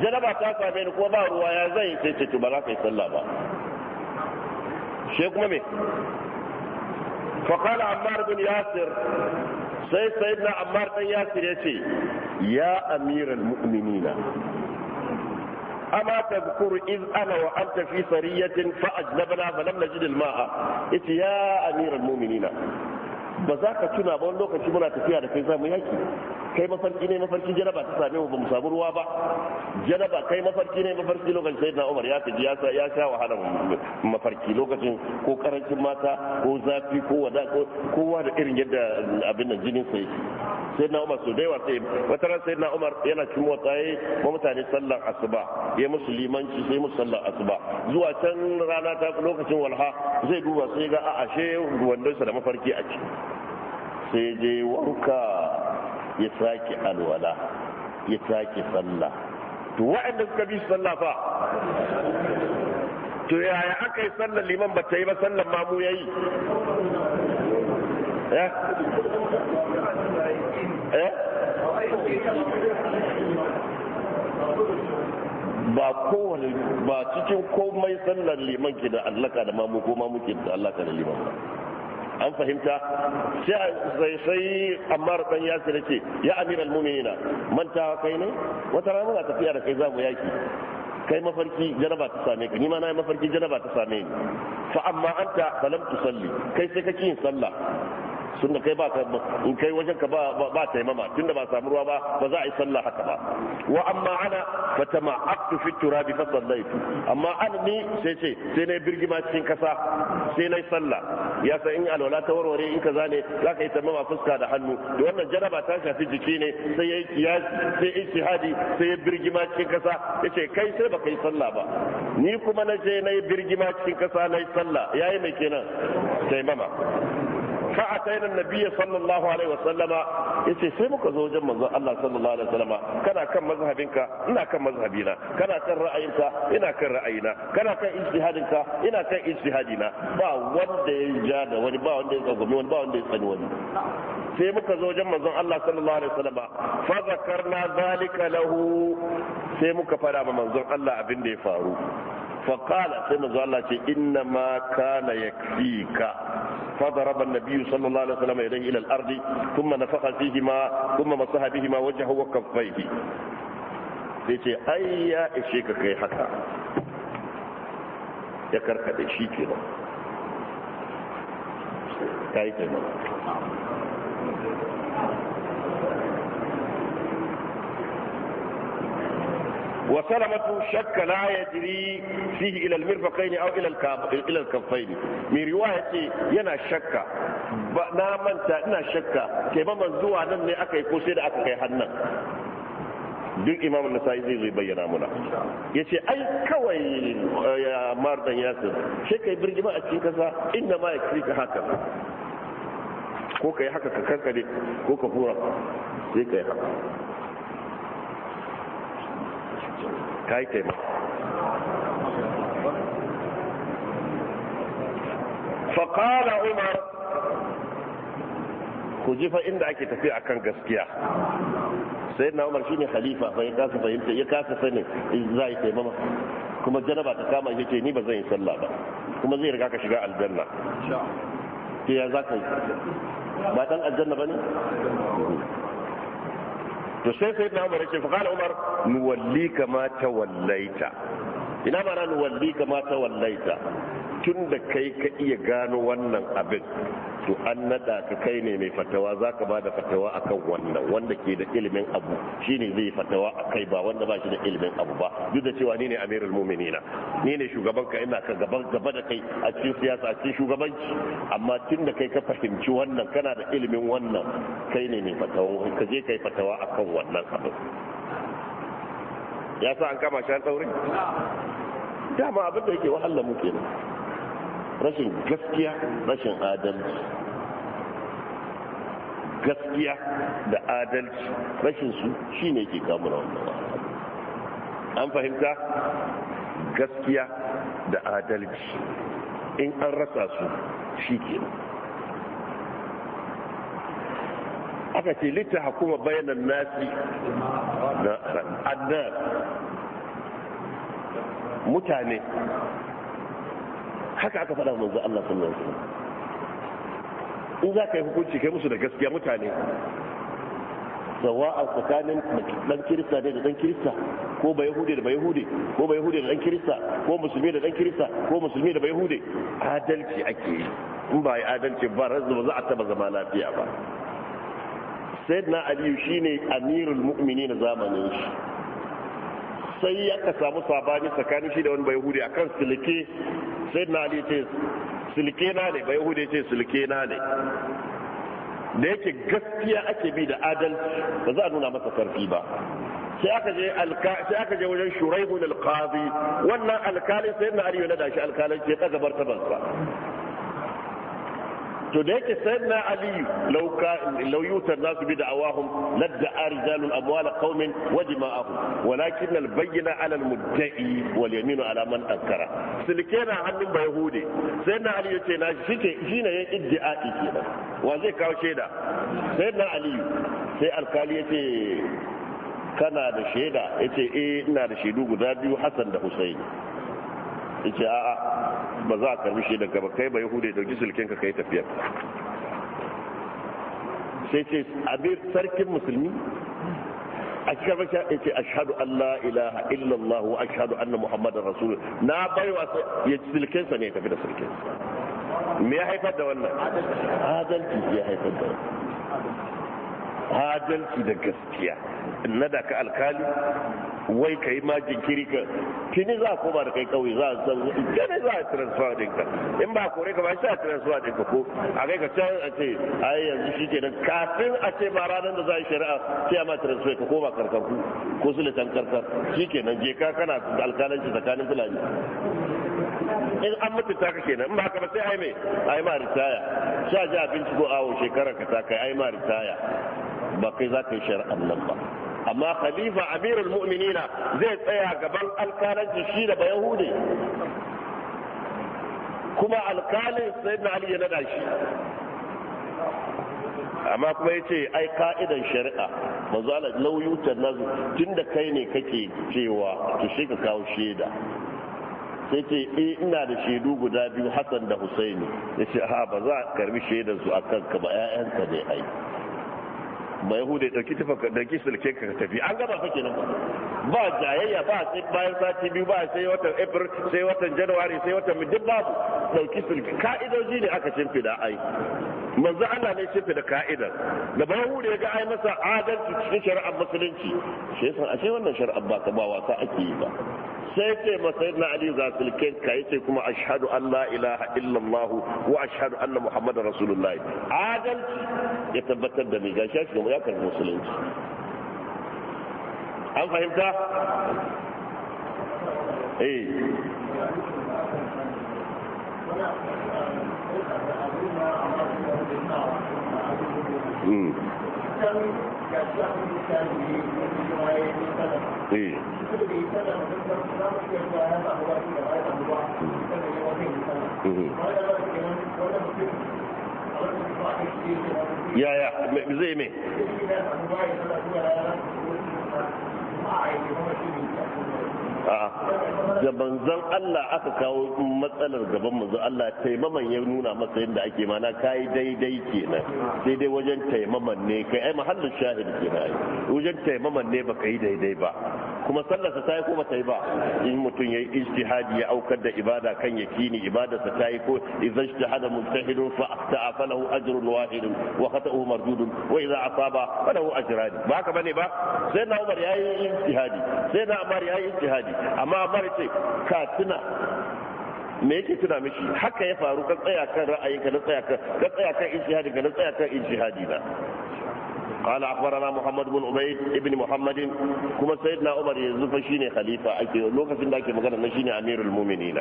janaba ta same ni ko ba ruwa ya zai sai ce to ba za ka yi sallah ba shi kuma me فقال عمار بن ياسر sai سيدنا عمار بن ياسر yace يا أمير المؤمنين أما تذكر إذ أنا وأنت في سرية فأجنبنا فلم نجد الماء إذ يا أمير المؤمنين ba za ka tuna ba wani lokaci muna tafiya da kai zamu yaki kai mafarki ne mafarki jaraba ta same mu ba mu samu ruwa ba jaraba kai mafarki ne mafarki lokacin sai na Umar ya ta ya sa ya sha wahala mafarki lokacin ko karancin mata ko zafi ko wada ko kowa da irin yadda abin nan jinin sai sai na Umar so da yawa sai wata ran sai na Umar yana cin watsaye ma mutane sallar asuba ya musu limanci sai musu sallar asuba zuwa can rana ta lokacin walha zai duba sai ga a ashe wandonsa da mafarki a ciki sai je wanka ya sake alwala ya sake sallah to waɗanda suka bi sallah fa to yaya aka yi sallar liman ba ta yi ba sallar mamu ya yi eh? Eh? ba kowane ba cikin komai sallar liman ke da allaka da mamu ko mamu ke da allaka da liman ba an fahimta sai sai ammar dan yasir ce ya amiral mu'minina mantawa kai ne wata rana muna tafiya da kai zamu yaki kai mafarki janaba ta same ka ni ma na mafarki janaba ta same ni fa amma anta falam tusalli kai sai kake yin sallah tun kai ba in kai wajen ka ba taimama tun ba samu ruwa ba ba za a yi sallah haka ba wa amma ana fa tama'attu fi bi fa sallaitu amma ana ni sai ce sai na birgima cikin kasa sai na sallah ya sa in alwala ta warware in ka zane za ka yi taimama fuska da hannu da wannan jaraba ta shafi jiki ne sai ya kiyasi sai ijtihadi sai ya birgima cikin kasa yace kai sai baka yi sallah ba ni kuma na je na yi birgima cikin kasa na yi sallah yayi mai kenan taimama fa atayna nabiyya sallallahu alaihi wa wasallama yace sai muka zo wajen manzon Allah sallallahu alaihi wa wasallama kana kan mazhabinka ina kan mazhabina kana kan ra'ayinka ina kan ra'ayina kana kan ijtihadinka ina kan ijtihadina ba wanda ya ja da wani ba wanda ya tsagumi wani ba wanda ya tsani wani sai muka zo wajen manzon Allah sallallahu alaihi wa wasallama fa zakarna zalika lahu sai muka fara ma manzon Allah abin da ya faru faƙala sai manzo Allah ce inna ma kana yakfika فضرب النبي صلى الله عليه وسلم يديه إلى الأرض ثم نفخ فيهما ثم مسح بهما وجهه وكفيه yace ai ya ishe ka kai haka ya karkade shi ke nan ta yi وسلمة شك لا يجري فيه إلى المرفقين أو إلى الكفين من رواية ينا شك na من تأنا شك taimaman من nan ne aka yi ko sai da duk imamun na sa'i zai bayyana muna ya ce ai kawai ya mardan yasir sai kai birgima a cikin kasa inda ma ya ka haka ko ka yi haka ka kankare ko ka fura sai ka yi haka ka yi taimako faƙala umar ku ji fa inda ake tafi akan gaskiya sai na umar shine khalifa fa ya kasa fahimta ya kasa sani za yi taimama kuma janaba ta kama shi ce ni ba zan yi sallah ba kuma zai riga ka shiga aljanna ke ya za ka yi ba dan aljanna ba ne to sai sai na umar yace fa qala umar nuwallika ma tawallaita ina ma na nuwallika ma tawallaita tun da kai ka iya gano wannan abin to an nada ka kai ne mai fatawa za ka ba da fatawa a kan wannan wanda ke da ilimin abu shine zai fatawa a kai ba wanda ba shi da ilimin abu ba duk da cewa ni ne amirul muminina ni ne shugaban ka ina ka gaban gaba da kai a cikin siyasa a cikin shugabanci amma tun da kai ka fahimci wannan kana da ilimin wannan kai ne mai fatawa ka je kai fatawa a kan wannan abin ya sa an kama shi an tsaurin dama abin da yake wahala mu kenan rashin gaskiya rashin adalci gaskiya da adalci rashin su shine ke wanda wannan an fahimta gaskiya da adalci in an rasa su shi ke aka ce litta hakuma bayanan nasi na annar. mutane haka aka faɗa manzo Allah sallallahu alaihi wasallam in za ka yi hukunci kai musu da gaskiya mutane sawa a tsakanin dan kirista da dan kirista ko ba yahudi da ba yahudi ko ba yahudi da dan kirista ko musulmi da dan kirista ko musulmi da ba yahudi adalci ake yi in ba yi adalci ba razu za a taba zama lafiya ba sayyidina aliyu shine amirul mu'minin zamanin shi sai ya ka samu sabani tsakanin shi da wani bayahudi a kan silike sai na ali ce silke na ne bai hude ce silke na ne da yake gaskiya ake bi da adalci ba za a nuna masa karfi ba sai aka je sai aka wajen shuraihun wannan alkalin sai na ali ya da shi alkalin ce ta gabar tabansa to da yake sayyidina ali lauka lauyutar nasu bi da bi da'awahum ladda arjalul amwal qaumin wa dima'ahum walakin al bayyina ala al mudda'i wal yaminu ala man ankara silkena na hannun ba yahude sayyidina ali yace na shike shine yan iddi'a'i kenan wa zai kawo shaida sayyidina ali sai alkali yace kana da shaida yace eh ina da shaidu guda biyu Hassan da Husaini yace a'a ba za a karbi shi daga ba kai ba yahude dauki sulkin ka kai tafiya sai ce abin sarkin musulmi a cikin rasha ya ce ashadu Allah ilaha illallah wa ashadu anna muhammadar rasul na baiwa ya ci silkensa ne ya tafi da silkensa me ya haifar da wannan adalci ya haifar da wannan adalci da gaskiya na da ka alkali wai ka yi majin jinkiri ka tuni za a koma da kai kawai za a san tuni za a transfer din ka in ba kore ka ba shi a transfer din ka ko a kai ka can a ce a yi yanzu shi ke nan kafin a ce ma ranar da za a yi shari'a sai a ma transfer ka koma karkarku ko su litan karkar shi ke nan je ka kana alkalanci tsakanin fulani in an mutunta ka kenan in ba haka ba sai ai mai ai ma ritaya sha ji abinci ko awo shekarar ka ta kai ai ma ritaya ba kai za ka yi shari'ar nan ba amma khalifa amirul mu'minina zai tsaya gaban alkalanci shi da yahudi kuma alkalin na ali ya nada shi amma kuma ya ce ai ka'idan shari'a manzo Allah lauyutar nazu tunda kai ne kake cewa to shi ka kawo shaida sai ce eh ina da shaidu guda biyu Hassan da Husaini ya ce ha ba za a karbi shaidar su akan ka ba 'ya'yanka ne ai ba yahuda ya dauki tufa da ki sulke ka tafi an gaba fa kenan ba jayayya ba sai bayan sati biyu ba sai watan april sai watan january sai watan duk babu dauki sulke ka'idoji ne aka shimfida ai manzo Allah ne shimfida ka'idar da ba yahuda ya ga ai masa adalci cikin shari'ar musulunci shi yasa ashe wannan shari'ar ba ta ba wasa ake yi ba sai ce ma sayyidina ali zafil kai ka yace kuma ashadu an la ilaha illallah wa ashadu anna Muhammadu rasulullahi adalci ya tabbatar da ni, gashi shi ya karbi musulunci an fahimta eh Mm. yaya zai mai da banzan Allah aka kawo matsalar gaban manzon Allah taimaman ya nuna masa yadda ake mana kai daidai kenan daidai wajen taimaman ne kai ai mahallin shahid kenan wajen taimaman ne baka yi daidai ba kuma sallarsa ta yi ko ba ta yi ba in mutum ya yi ijtihadi ya aukar da ibada kan yakini ibadarsa ta yi ko idan ijtihada mujtahidun fa afta'a falahu ajrun wahidun wa khata'uhu mardudun wa idza asaba falahu ajrani ba haka bane ba sai na Umar yayi ijtihadi sai na Umar yayi ijtihadi amma Umar ce ka tuna me yake tuna mishi haka ya faru ka tsaya kan ra'ayinka na tsaya kan ka tsaya kan ijtihadi ka na tsaya kan ijtihadi na قال اخبرنا محمد بن عبيد ابن محمد كما سيدنا عمر يزوف شيني خليفه اكي لوكاشين da ake magana na shine amirul mu'minina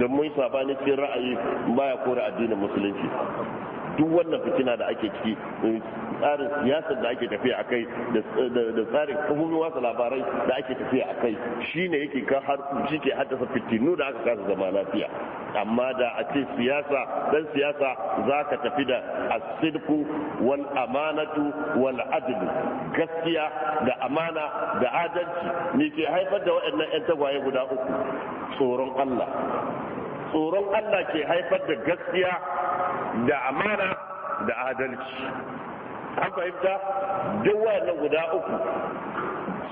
don mun sabani ra'ayi baya kore addinin musulunci duk wannan fitina da ake ciki eh, tsarin siyasar da ake tafiya akai da tsarin kafofin wasa labarai da ake tafiya akai shine yake ka har shi ke haddasa fitinu da aka kasa zama lafiya amma da a ce siyasa dan siyasa za ka tafi da asirku wal amanatu wal adlu gaskiya da amana da adalci ne ke haifar da waɗannan 'yan tagwaye guda uku tsoron Allah tsoron Allah ke haifar da gaskiya da amana da adalci an fahimta duk wayannan guda uku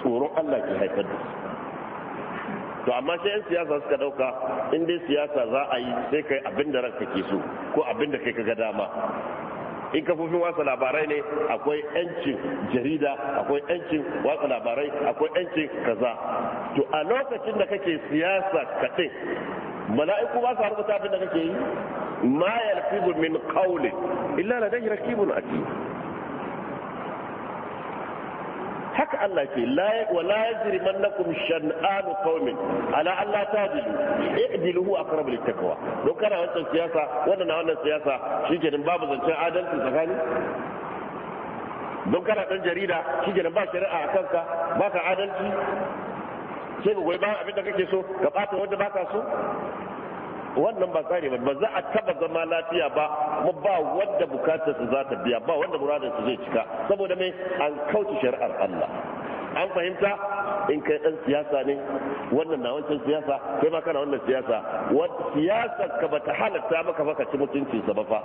tsoron Allah ke haifar da su to amma sai 'yan siyasa suka dauka in dai siyasa za a yi sai kai abin da ranka ke so ko abin da kai kaga dama in kafofin wasa labarai ne akwai yancin jarida akwai yancin watsa labarai akwai yancin kaza to a lokacin da kake siyasa kaɗai mala'iku ba su rubuta abin da kake yi ma yalfizu min qawli illa ladayhi raqibun atid haka Allah ke wa la lakum shan'an qaumin ala la tadilu i'dilu huwa aqrabu taqwa don kana wannan siyasa wannan na wannan siyasa shikenan babu zancen adalci tsakani don kana dan jarida shikenan ba shari'a a kanka ba ka adalci sai ka goyi bayan abin da kake so ka bata wanda baka so wannan ba tsari ba ba za a taba zama lafiya ba kuma ba wanda bukatar su za ta biya ba wanda muradin su zai cika saboda mai an kauce shari'ar Allah an fahimta in kai dan siyasa ne wannan na wancan siyasa kai ma kana wannan siyasa Siyasa ka bata halatta maka ba ka ci sa ba fa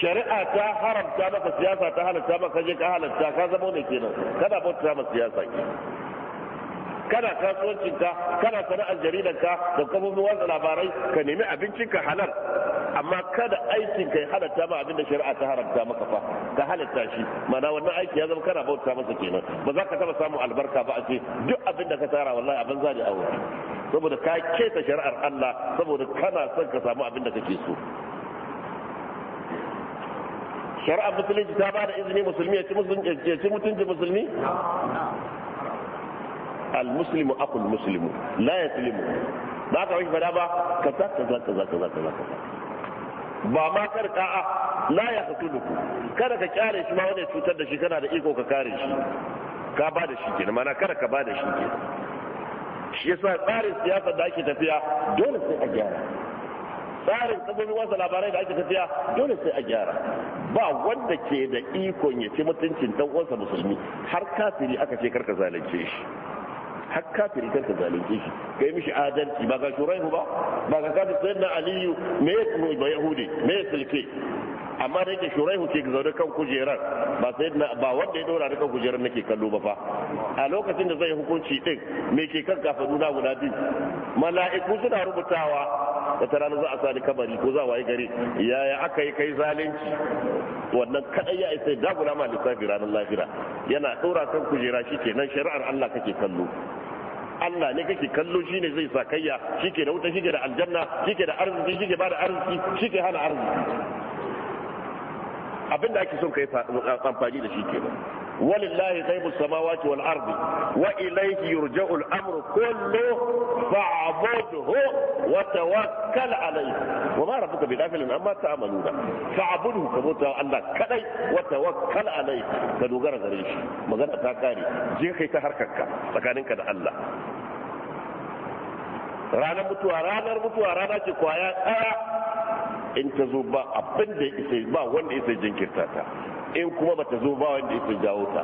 shari'a ta haramta maka siyasa ta halatta maka je ka halatta ka zama ne kenan kada bauta ma siyasa ke kana ka kana sana'ar ka da kafofin watsa labarai ka nemi ka halal amma kada aikin ka ya halatta ma abin da shari'a ta haramta maka fa ka halatta shi mana wannan aiki ya zama kana bauta masa kenan ba za ka taba samun albarka ba a ce duk abin da ka tara wallahi abin zani a wuri saboda ka keta shari'ar Allah saboda kana son ka samu abin da kake so shari'ar musulunci ta ba da izini musulmi ya ci mutunci musulmi al-muslimu aqul muslimu la yaslimu ba ka wani fada ba kaza kaza kaza kaza kaza ba ma kar ka'a la ya hatuduku kada ka kyare shi ma wanda ya cutar da shi kana da iko ka kare shi ka ba da shi kenan mana kada ka ba da shi kenan shi yasa tsarin siyasa da ake tafiya dole sai a gyara tsarin kafofin wasa labarai da ake tafiya dole sai a gyara ba wanda ke da ikon ya ci mutuncin dan uwansa musulmi har kafiri aka ce karka zalunce shi har kafin kanka zalunce shi kai mishi adalci ba ga shuraihu ba ba ga kafir sayyidina aliyu me ya ba yahudi me ya silke amma da yake shuraihu ke zaune kan kujerar ba sai ba wanda ya dora da kan kujerar ke kallo ba fa a lokacin da zai hukunci din me ke kan kafaduna guda biyu mala'iku suna rubutawa da ta rana za a sani kabari ko za a waye gari yaya aka yi kai zalunci wannan kadai ya isa da, guda ma lissafi ranar lahira yana dora kan kujera shi ke nan shari'ar Allah kake kallo Allah ne kake kallo shi ne zai sa kayya shi ke da wuta shi ke da aljanna shi ke da arziki shi ke ba da arziki shi ke hana arziki abin da ake son kai amfani da shi ke kenan walillahi ghaibus samawati wal ardi wa ilayhi yurja'u al amru kullu fa'budhu wa tawakkal alayhi wa ma rabbuka bidafilin amma ta'maluna fa'budhu ka bauta Allah kadai wa tawakkal alayhi ka dogara gare shi magana ta kare je kai ta ka tsakaninka da Allah ranar mutuwa ranar mutuwa rana ce kwaya tsaya. in ta zo ba abin da isa ba wanda isa jinkirta ta in kuma ba ta zo ba wanda isa jawo ta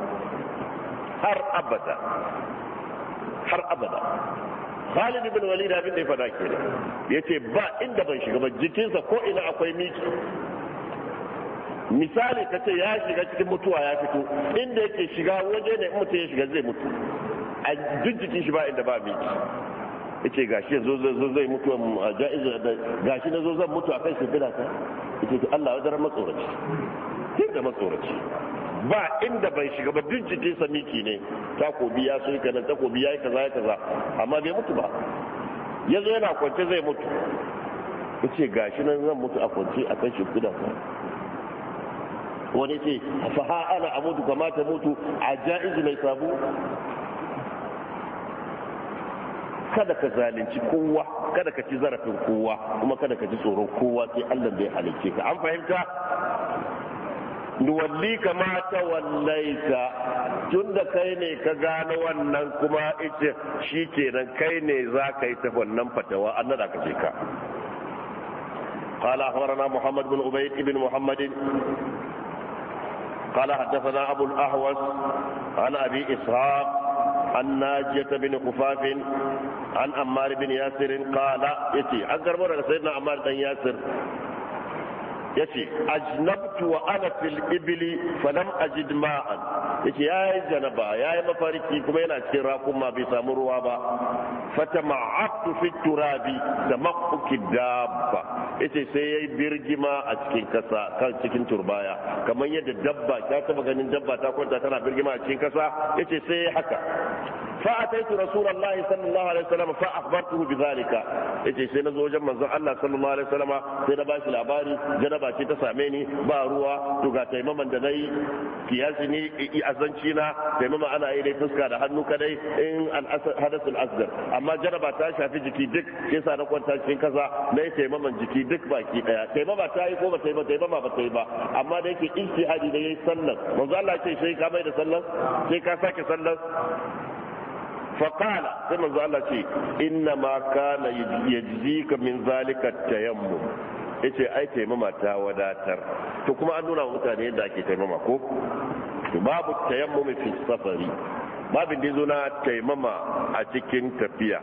har abada har abada Khalid ibn Walid abin da ya fada kenan yace ba inda ban shiga ba jikinsa ko ina akwai miki misali ka ce ya shiga cikin mutuwa ya fito inda yake shiga waje ne mutum ya shiga zai mutu a duk jikin shi ba inda ba miki yace gashi yanzu zo zai mutu a ja'iza da gashi na zo zan mutu akan shimfiɗa ta yace to Allah wadar matsoraci sai da matsoraci ba inda bai shiga ba duk jikin sa miki ne takobi ya soyi kana takobi ya kaza ya kaza amma bai mutu ba yanzu yana kwance zai mutu yace gashi nan zan mutu a kwance akan shimfiɗa ta wani ce fa ha ana amutu kamata mutu a ja'izu mai sabu kada ka zalunci kowa kada ka ci zarafin kowa kuma kada ka ji tsoron kowa sai Allah bai halicce ka an fahimta duwalli kama ta wallaita tun da kai ne ka gano wannan kuma ita shi kenan kai ne za ka yi ta wannan fatawa an nada ka ce ka قال أخبرنا محمد بن عبيد بن محمد قال حدثنا أبو الأهوس عن أبي إسحاق an na jeta bin kufafin an amari bin yasirin kala ya ce an garbo daga sayi na amari dan yasir ya ce ajnabtu wa ana fil ibili falam ajid ma'an yace yi janaba yayi mafariki kuma yana cikin rakuma bai samu ruwa ba fitura fi turabi makuki dabba yace sai yayi birgima a cikin kasa kan cikin turbaya kamar yadda dabba ta taba ganin dabba ta kwanta tana birgima a cikin kasa yace sai haka فأتيت رسول الله صلى الله عليه وسلم فأخبرته بذلك yace sai na zo wajen manzon Allah sallallahu alaihi wasallam sai na bashi labari janaba ce ta same ni ba ruwa to ga taimaman da nayi kiyasi ne azanci na taimama ana yi dai fuska da hannu kadai in al hadathul asghar amma janaba ta shafi jiki duk sai sa na kwanta cikin kaza nayi taimaman jiki duk baki daya taimama ta yi ko ba taimama ba ta amma da yake ijtihadi da yayi sallan manzo Allah ce sai ka mai da sallan sai ka sake sallan فقال كما قال شيء إنما كان يجزيك من ذلك التيمم yace ai taimama ta wadatar to kuma an nuna mutane yadda ake taimama ko babu tayammumi fi safari babu da zo na taimama a cikin tafiya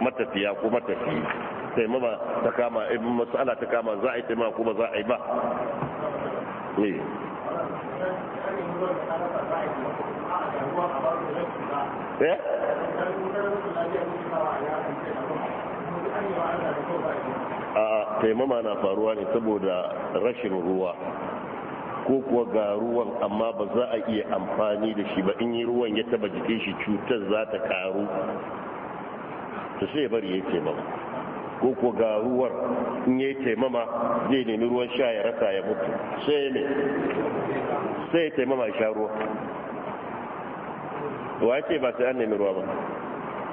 matafiya ko matafiya taimama ta kama in eh, mas'ala ta kama za a yi taimama ko ba za a yi ba eh Eh? a taimama na faruwa ne saboda rashin ruwa ko kuwa ga ruwan amma ba za a iya amfani da shi ba in yi ruwan ya taba jikin shi cutar za ta karu ta sai bari ya taimama ko kuwa ga ruwan in ya taimama zai nemi ruwan sha ya rasa ya mutu sai ne sai ya sha ruwa wa ce ba sai an nemi ruwa ba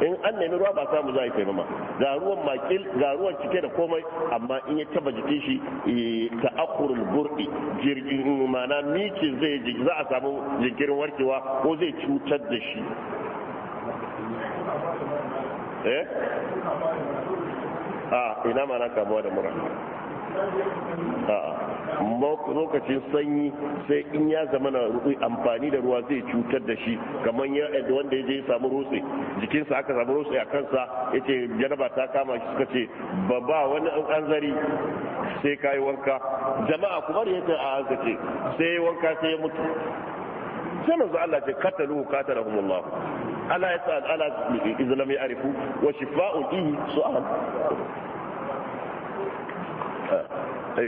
in an nemi ruwa ba samu za a yi taimama ga ruwan makil ga ruwan cike da komai amma in ya taba jikin shi e, ta akurul burdi jirgin mana miki zai za a samu jinkirin warkewa ko zai cutar da shi eh a ah, ina mana kamuwa da mura lokacin sanyi sai in ya zama na amfani da ruwa zai cutar da shi kamar wanda ya je ya samu rotse jikinsa aka samu rotse a kansa ya ce jaraba ta kama shi suka ce ba ba wani zari sai ka yi wanka jama'a kuma da yadda a haka ce sai wanka sai ya mutu sai manzo Allah ce katalu katarahumullah Allah ya sa ala izlam ya arifu wa shifa'un ihi su'al eh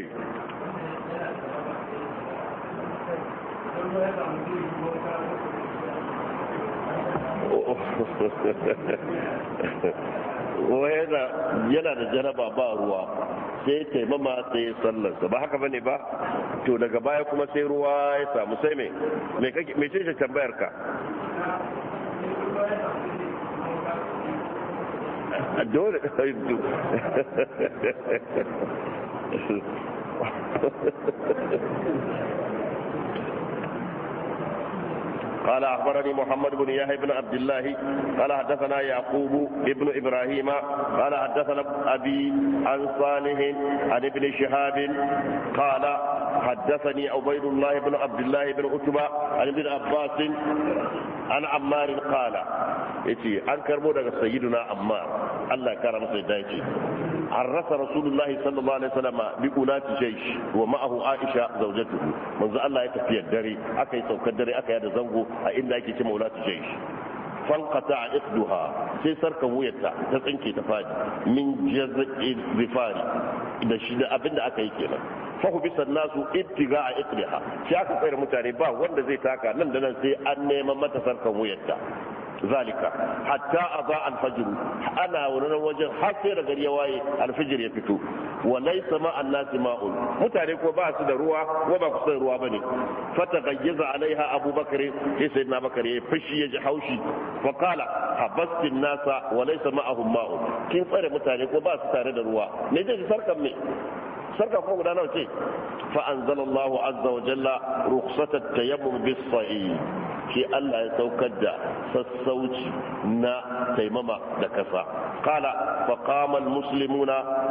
yana yana da jaraba ba ruwa sai taimama sai sallarsa ba haka bane ba to daga baya kuma sai ruwa ya samu sai me mai kake me tambayar ka dole قال اخبرني محمد بن يحيى بن عبد الله قال حدثنا يعقوب بن ابراهيم قال حدثنا ابي عن صالح عن ابن شهاب قال حدثني عبيد الله بن عبد الله بن عتبة عن ابن عباس عن عمار قال يتي انكر مو سيدنا عمار الله كرم سيدنا حرس رسول الله صلى الله عليه وسلم بأولاة جيش ومعه عائشة زوجته من ذا الله يتفي الدري أكا سوك الدري أكا يد زنقو أين لا يكي أولاة جيش فانقطع إخدها سيسر كويتا تسنكي تفادي من جزء الظفاري da shi da abin da aka yi kenan fahu bisan nasu ittiga a ikriha shi aka tsayar mutane ba wanda zai taka nan da nan sai an zalika hatta aza alfajiru ana wurin wajen har sai da gari ya waye alfijir ya fito wa laysa ma annasi ma'un mutane ko ba su da ruwa ko ba kusa ruwa bane fata gayyaza alaiha abubakar sai sayyidina bakar ya fishi ya ji haushi fa qala habastin nasa wa laysa ma'ahum ma'un kin tsare mutane ko ba su tare da ruwa me zai sarkan me sarka kuma guda nawa ce fa anzalallahu azza wa jalla rukhsata tayammum bis sa'i shi Allah ya saukar da sassauci na taimama da kasa قال فقام المسلمون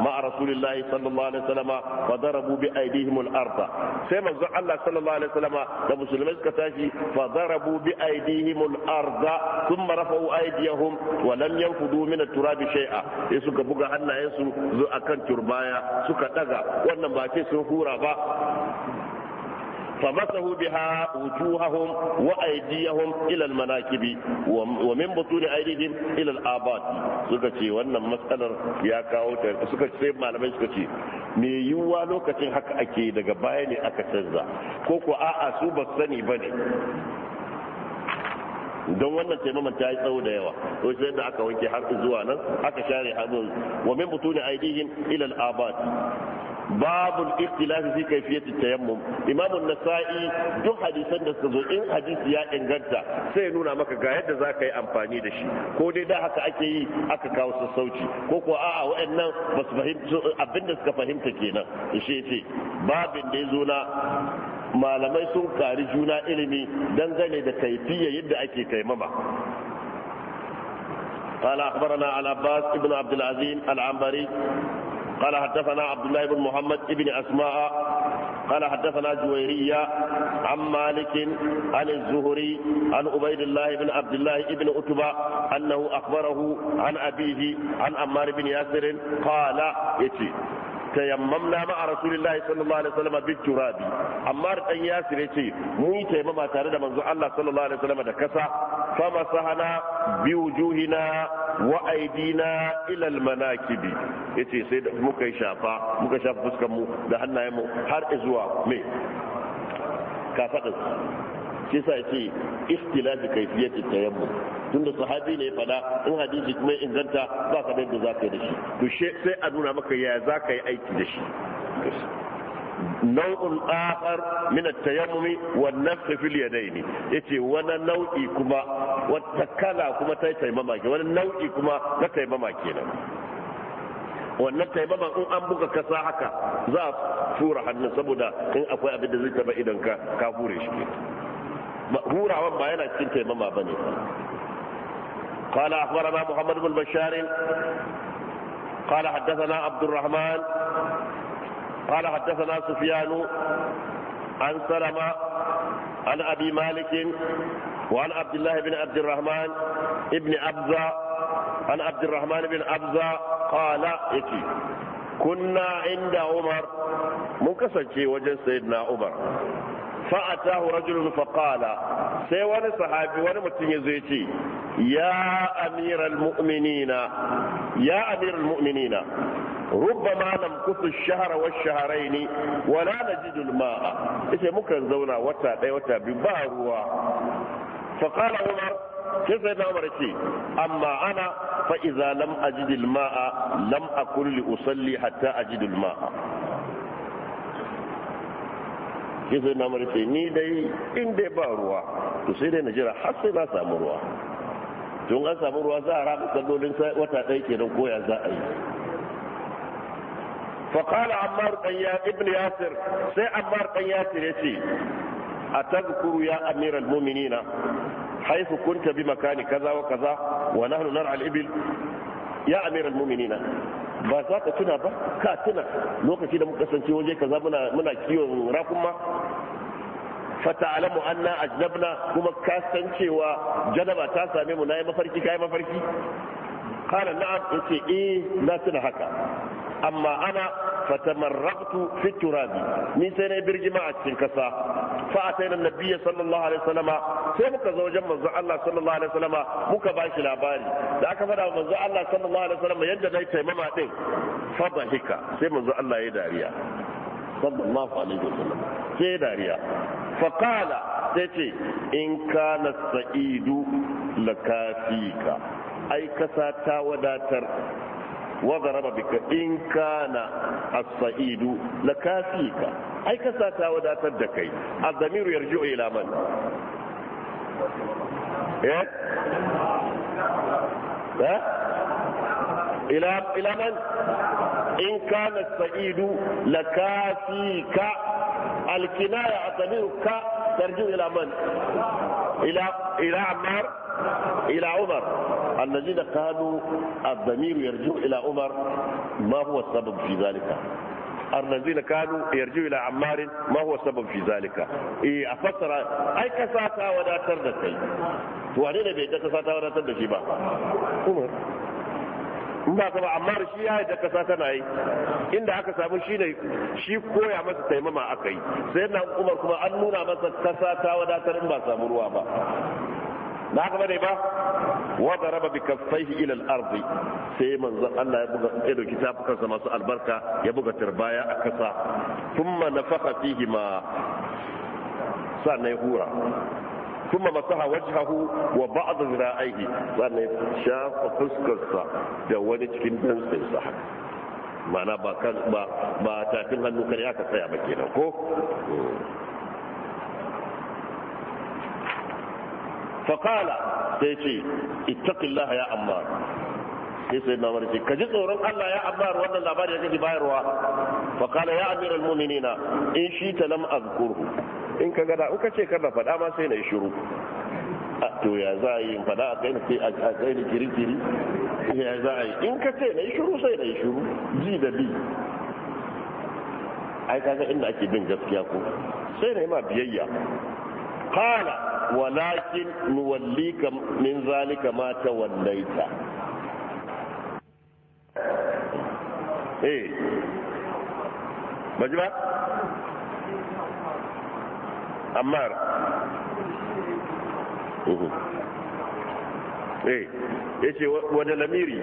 مع رسول الله صلى الله عليه وسلم فضربوا بأيديهم الأرض سيما الله صلى الله عليه وسلم المسلمين كتاشي فضربوا بأيديهم الأرض ثم رفعوا أيديهم ولم ينفضوا من التراب شيئا يسوك بقى أن يسوك أكن تربايا سوك تغا وأنما باكي سوفورا با فمسحوا بها وجوههم وأيديهم إلى المناكب ومن بطون أيديهم إلى الآباط سكتي ya kawo ta كاوتا ce, malamai suka ce me yiwuwa lokacin haka ake daga baya ne aka canza ko ko a'a su ba sani ba ne don wannan taimaman ta yi tsawo da yawa to sai da aka wanke har zuwa nan aka share hannun wa min butuni aidihim ila al-abad babul ikhtilafi fi kayfiyati tayammum imamu nasa'i duk hadisan da suka zo in hadisi ya inganta sai ya nuna maka ga yadda za ka yi amfani da shi ko dai da haka ake yi aka kawo sassauci ko ko a'a wa'annan ba su abin da suka fahimta kenan shi ce babin da ya zo na malamai sun kari juna ilimi dangane da kaifiya yadda ake kaimama قال أخبرنا على عباس بن عبد العنبري قال حدثنا عبد الله بن محمد بن أسماء قال حدثنا جويرية عن مالك عن الزهري عن عبيد الله بن عبد الله بن أتبة أنه أخبره عن أبيه عن عمار بن ياسر قال ma a rasulillahi sallallahu alaihi wasallam bi turabi amma dan yasir yace mun yi tayammama tare da manzo Allah sallallahu alaihi wasallam da kasa fa masahana bi wa aidina ila manakibi yace sai muka yi shafa muka shafa fuskar mu da hannayen mu har zuwa me kafadin shi sa yace ikhtilafi kayfiyati tayammum tunda sahabi ne ya fada in hadisi kuma inganta ba ka da yadda zaka yi da shi to sai a nuna maka ya zaka yi aiki dashi. نوع آخر من التيمم والنفخ في اليدين يتي وانا نوعي كما واتكالا كما تيمما وانا نوعي كما نتيمما كينا وانا taimaman in ان buga kasa haka za a fura hannun saboda in akwai abin da zai taba idan ka ka hure shi hurawan ba yana cikin taimama ba ne قال أخبرنا محمد بن بشار قال حدثنا عبد الرحمن قال حدثنا سفيان عن سلمة عن أبي مالك وعن عبد الله بن عبد الرحمن ابن أبزة عن عبد الرحمن بن أبزة قال إتي كنا عند عمر منكسر وجن سيدنا عمر فأتاه رجل فقال سيوان صحابي وانا متنزيتي يا أمير المؤمنين يا أمير المؤمنين ربما نمكث الشهر والشهرين ولا نجد الماء إذا ممكن زونا وتا دي وتا بباروا فقال عمر كيف عمر أما أنا فإذا لم أجد الماء لم أكن لأصلي حتى أجد الماء shi sai na mara ni dai in ba ruwa to sai dai na jira har sai na samu ruwa tun an samu ruwa za a raka sallolin wata ɗaya kenan koya za a yi فقال عمار ابن ياسر سي عمار بن ياسر يتي أتذكر يا أمير المؤمنين حيث كنت بمكان كذا وكذا ونحن نرعى الإبل يا أمير المؤمنين ba za ka tuna ba ka tuna lokaci da muka kasance waje kaza muna muna kiwon rakuma fata'alamu anna ajnabna kuma ka san cewa janaba ta same mu nayi mafarki kai mafarki kana na'am yace eh na tuna haka amma ana fatamarraqtu fi turabi ni sai na birgima a cikin kasa fa ataina nabiyya sallallahu alaihi wasallama sai muka zo wajen manzo Allah sallallahu alaihi wasallama muka ba shi labari da aka fada wa manzo Allah sallallahu alaihi wasallama yadda zai taimama din fa bahika sai manzo Allah ya dariya sallallahu alaihi wasallam sai dariya fa qala sai ce in kana sa'idu lakafika ai kasa ta wadatar wa zaraba bika in kana as-sa'idu lakafika اي kasa ta wadatar الضمير يرجع الى من ايه ila إلى إلى من؟ إن كان السعيد لكافيك الكناية أتميرك ترجع إلى من؟ إلى إلى عمار إلى عمر الذين قالوا الضمير يرجع إلى عمر ما هو السبب في ذلك؟ na kanu yarju ila ammarin ma huwa sabab fi zalika eh a fassara ai ka ta wadatar da kai to wane ne bai da kasa ta wadatar da shi ba umar in ba ba amma shi ya yadda kasa tana yi inda aka samu shi ne shi koya masa taimama aka yi sai na umar kuma an nuna masa kasa ta wadatar in ba samu ruwa ba Na haka bane ba wa raba bi kaffaihi ila al-ardi sai manzo Allah ya buga ya dauki tafukansa masu albarka ya buga tarbaya a kasa thumma nafakha fihi ma sannan ya hura ثم مسح وجهه وبعض ذراعيه sannan shafa fuskarsa da wani cikin dantsinsa haka ma'ana ba tafin hannu kare aka tsaya ba kenan ko faƙala sai ce ittaqillah ya ammar sai sai na wani ce ka ji tsoron Allah ya ammar wannan labari ya kaji bayarwa faƙala ya amir al in shi ta lam azkurhu in ka gada in ka ce kada faɗa ma sai na yi shiru to ya za a yi faɗa a kai sai a kai ni kiri ya za a yi in ka ce na yi shiru sai na yi shiru ji da bi ai kaga inda ake bin gaskiya ko sai na yi ma biyayya kala walakin nuwallika min zalika ma tawallaita eh baji ba ammar eh yace wada lamiri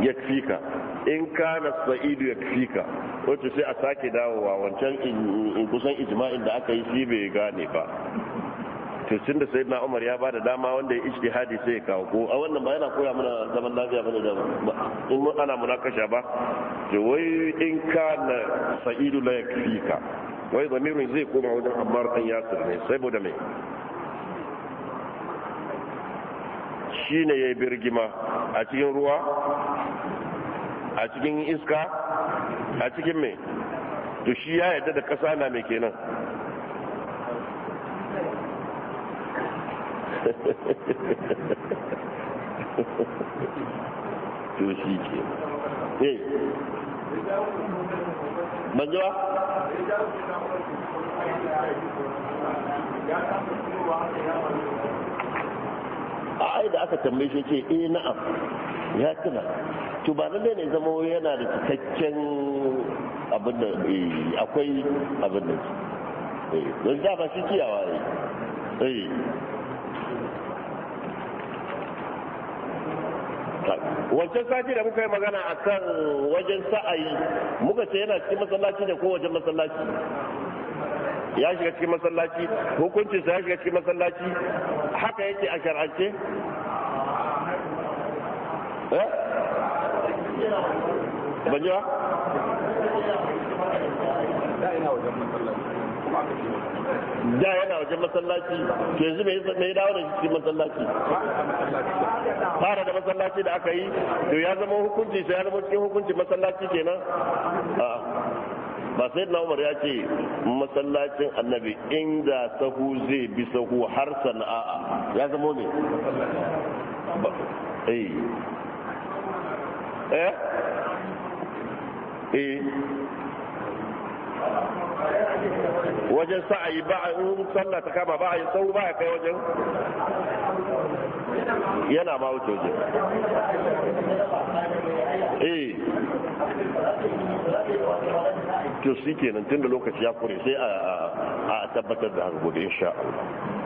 yakfika in kana sa'idu yakfika wato sai a sake dawowa wancan in kusan ijma'in da aka yi shi bai gane ba to tun da sayyidina Umar ya bada dama wanda ya ijtihadi sai ya kawo ko a wannan ba yana koya mana zaman lafiya bane da in mun ana munakasha ba to wai in kana sa'idu la yakfika wai zamirin zai koma wajen Ammar dan Yasir ne saboda me shi ne ya yi birgima a cikin ruwa a cikin iska a cikin mai to shi ya yadda da kasa na mai kenan to shi ke ne ban ji ba ya a ai da aka tambaye shi ce eh na'am ya tuna to ba lalle ne zama yana da cikakken abin da eh, akwai abin da eh, don da ba shi kiyawa ne eh. wancan sati da muka yi magana a kan wajen sa'ayi muka ce yana cikin masallaci da ko wajen masallaci ya shiga cikin masallaci hukuncinsa ya shiga cikin masallaci haka yake a shar'ance eh? ban ji ba da yana wajen masallaci ke zube mai dawo da shi masallaci fara da masallaci da aka yi to ya zama hukunci sai ya zama cikin hukunci masallaci kenan a'a ba sai na umar ya ce masallacin annabi inda sahu zai bi sahu har sana'a ya zama ne eh. Eh? eh wajen sa'ayi ba a yi sallah ta kama ba a yi sau ba a kai wajen yana ba wuce wajen eh to shi kenan tun da lokaci ya kure sai a tabbatar da haka gobe insha Allah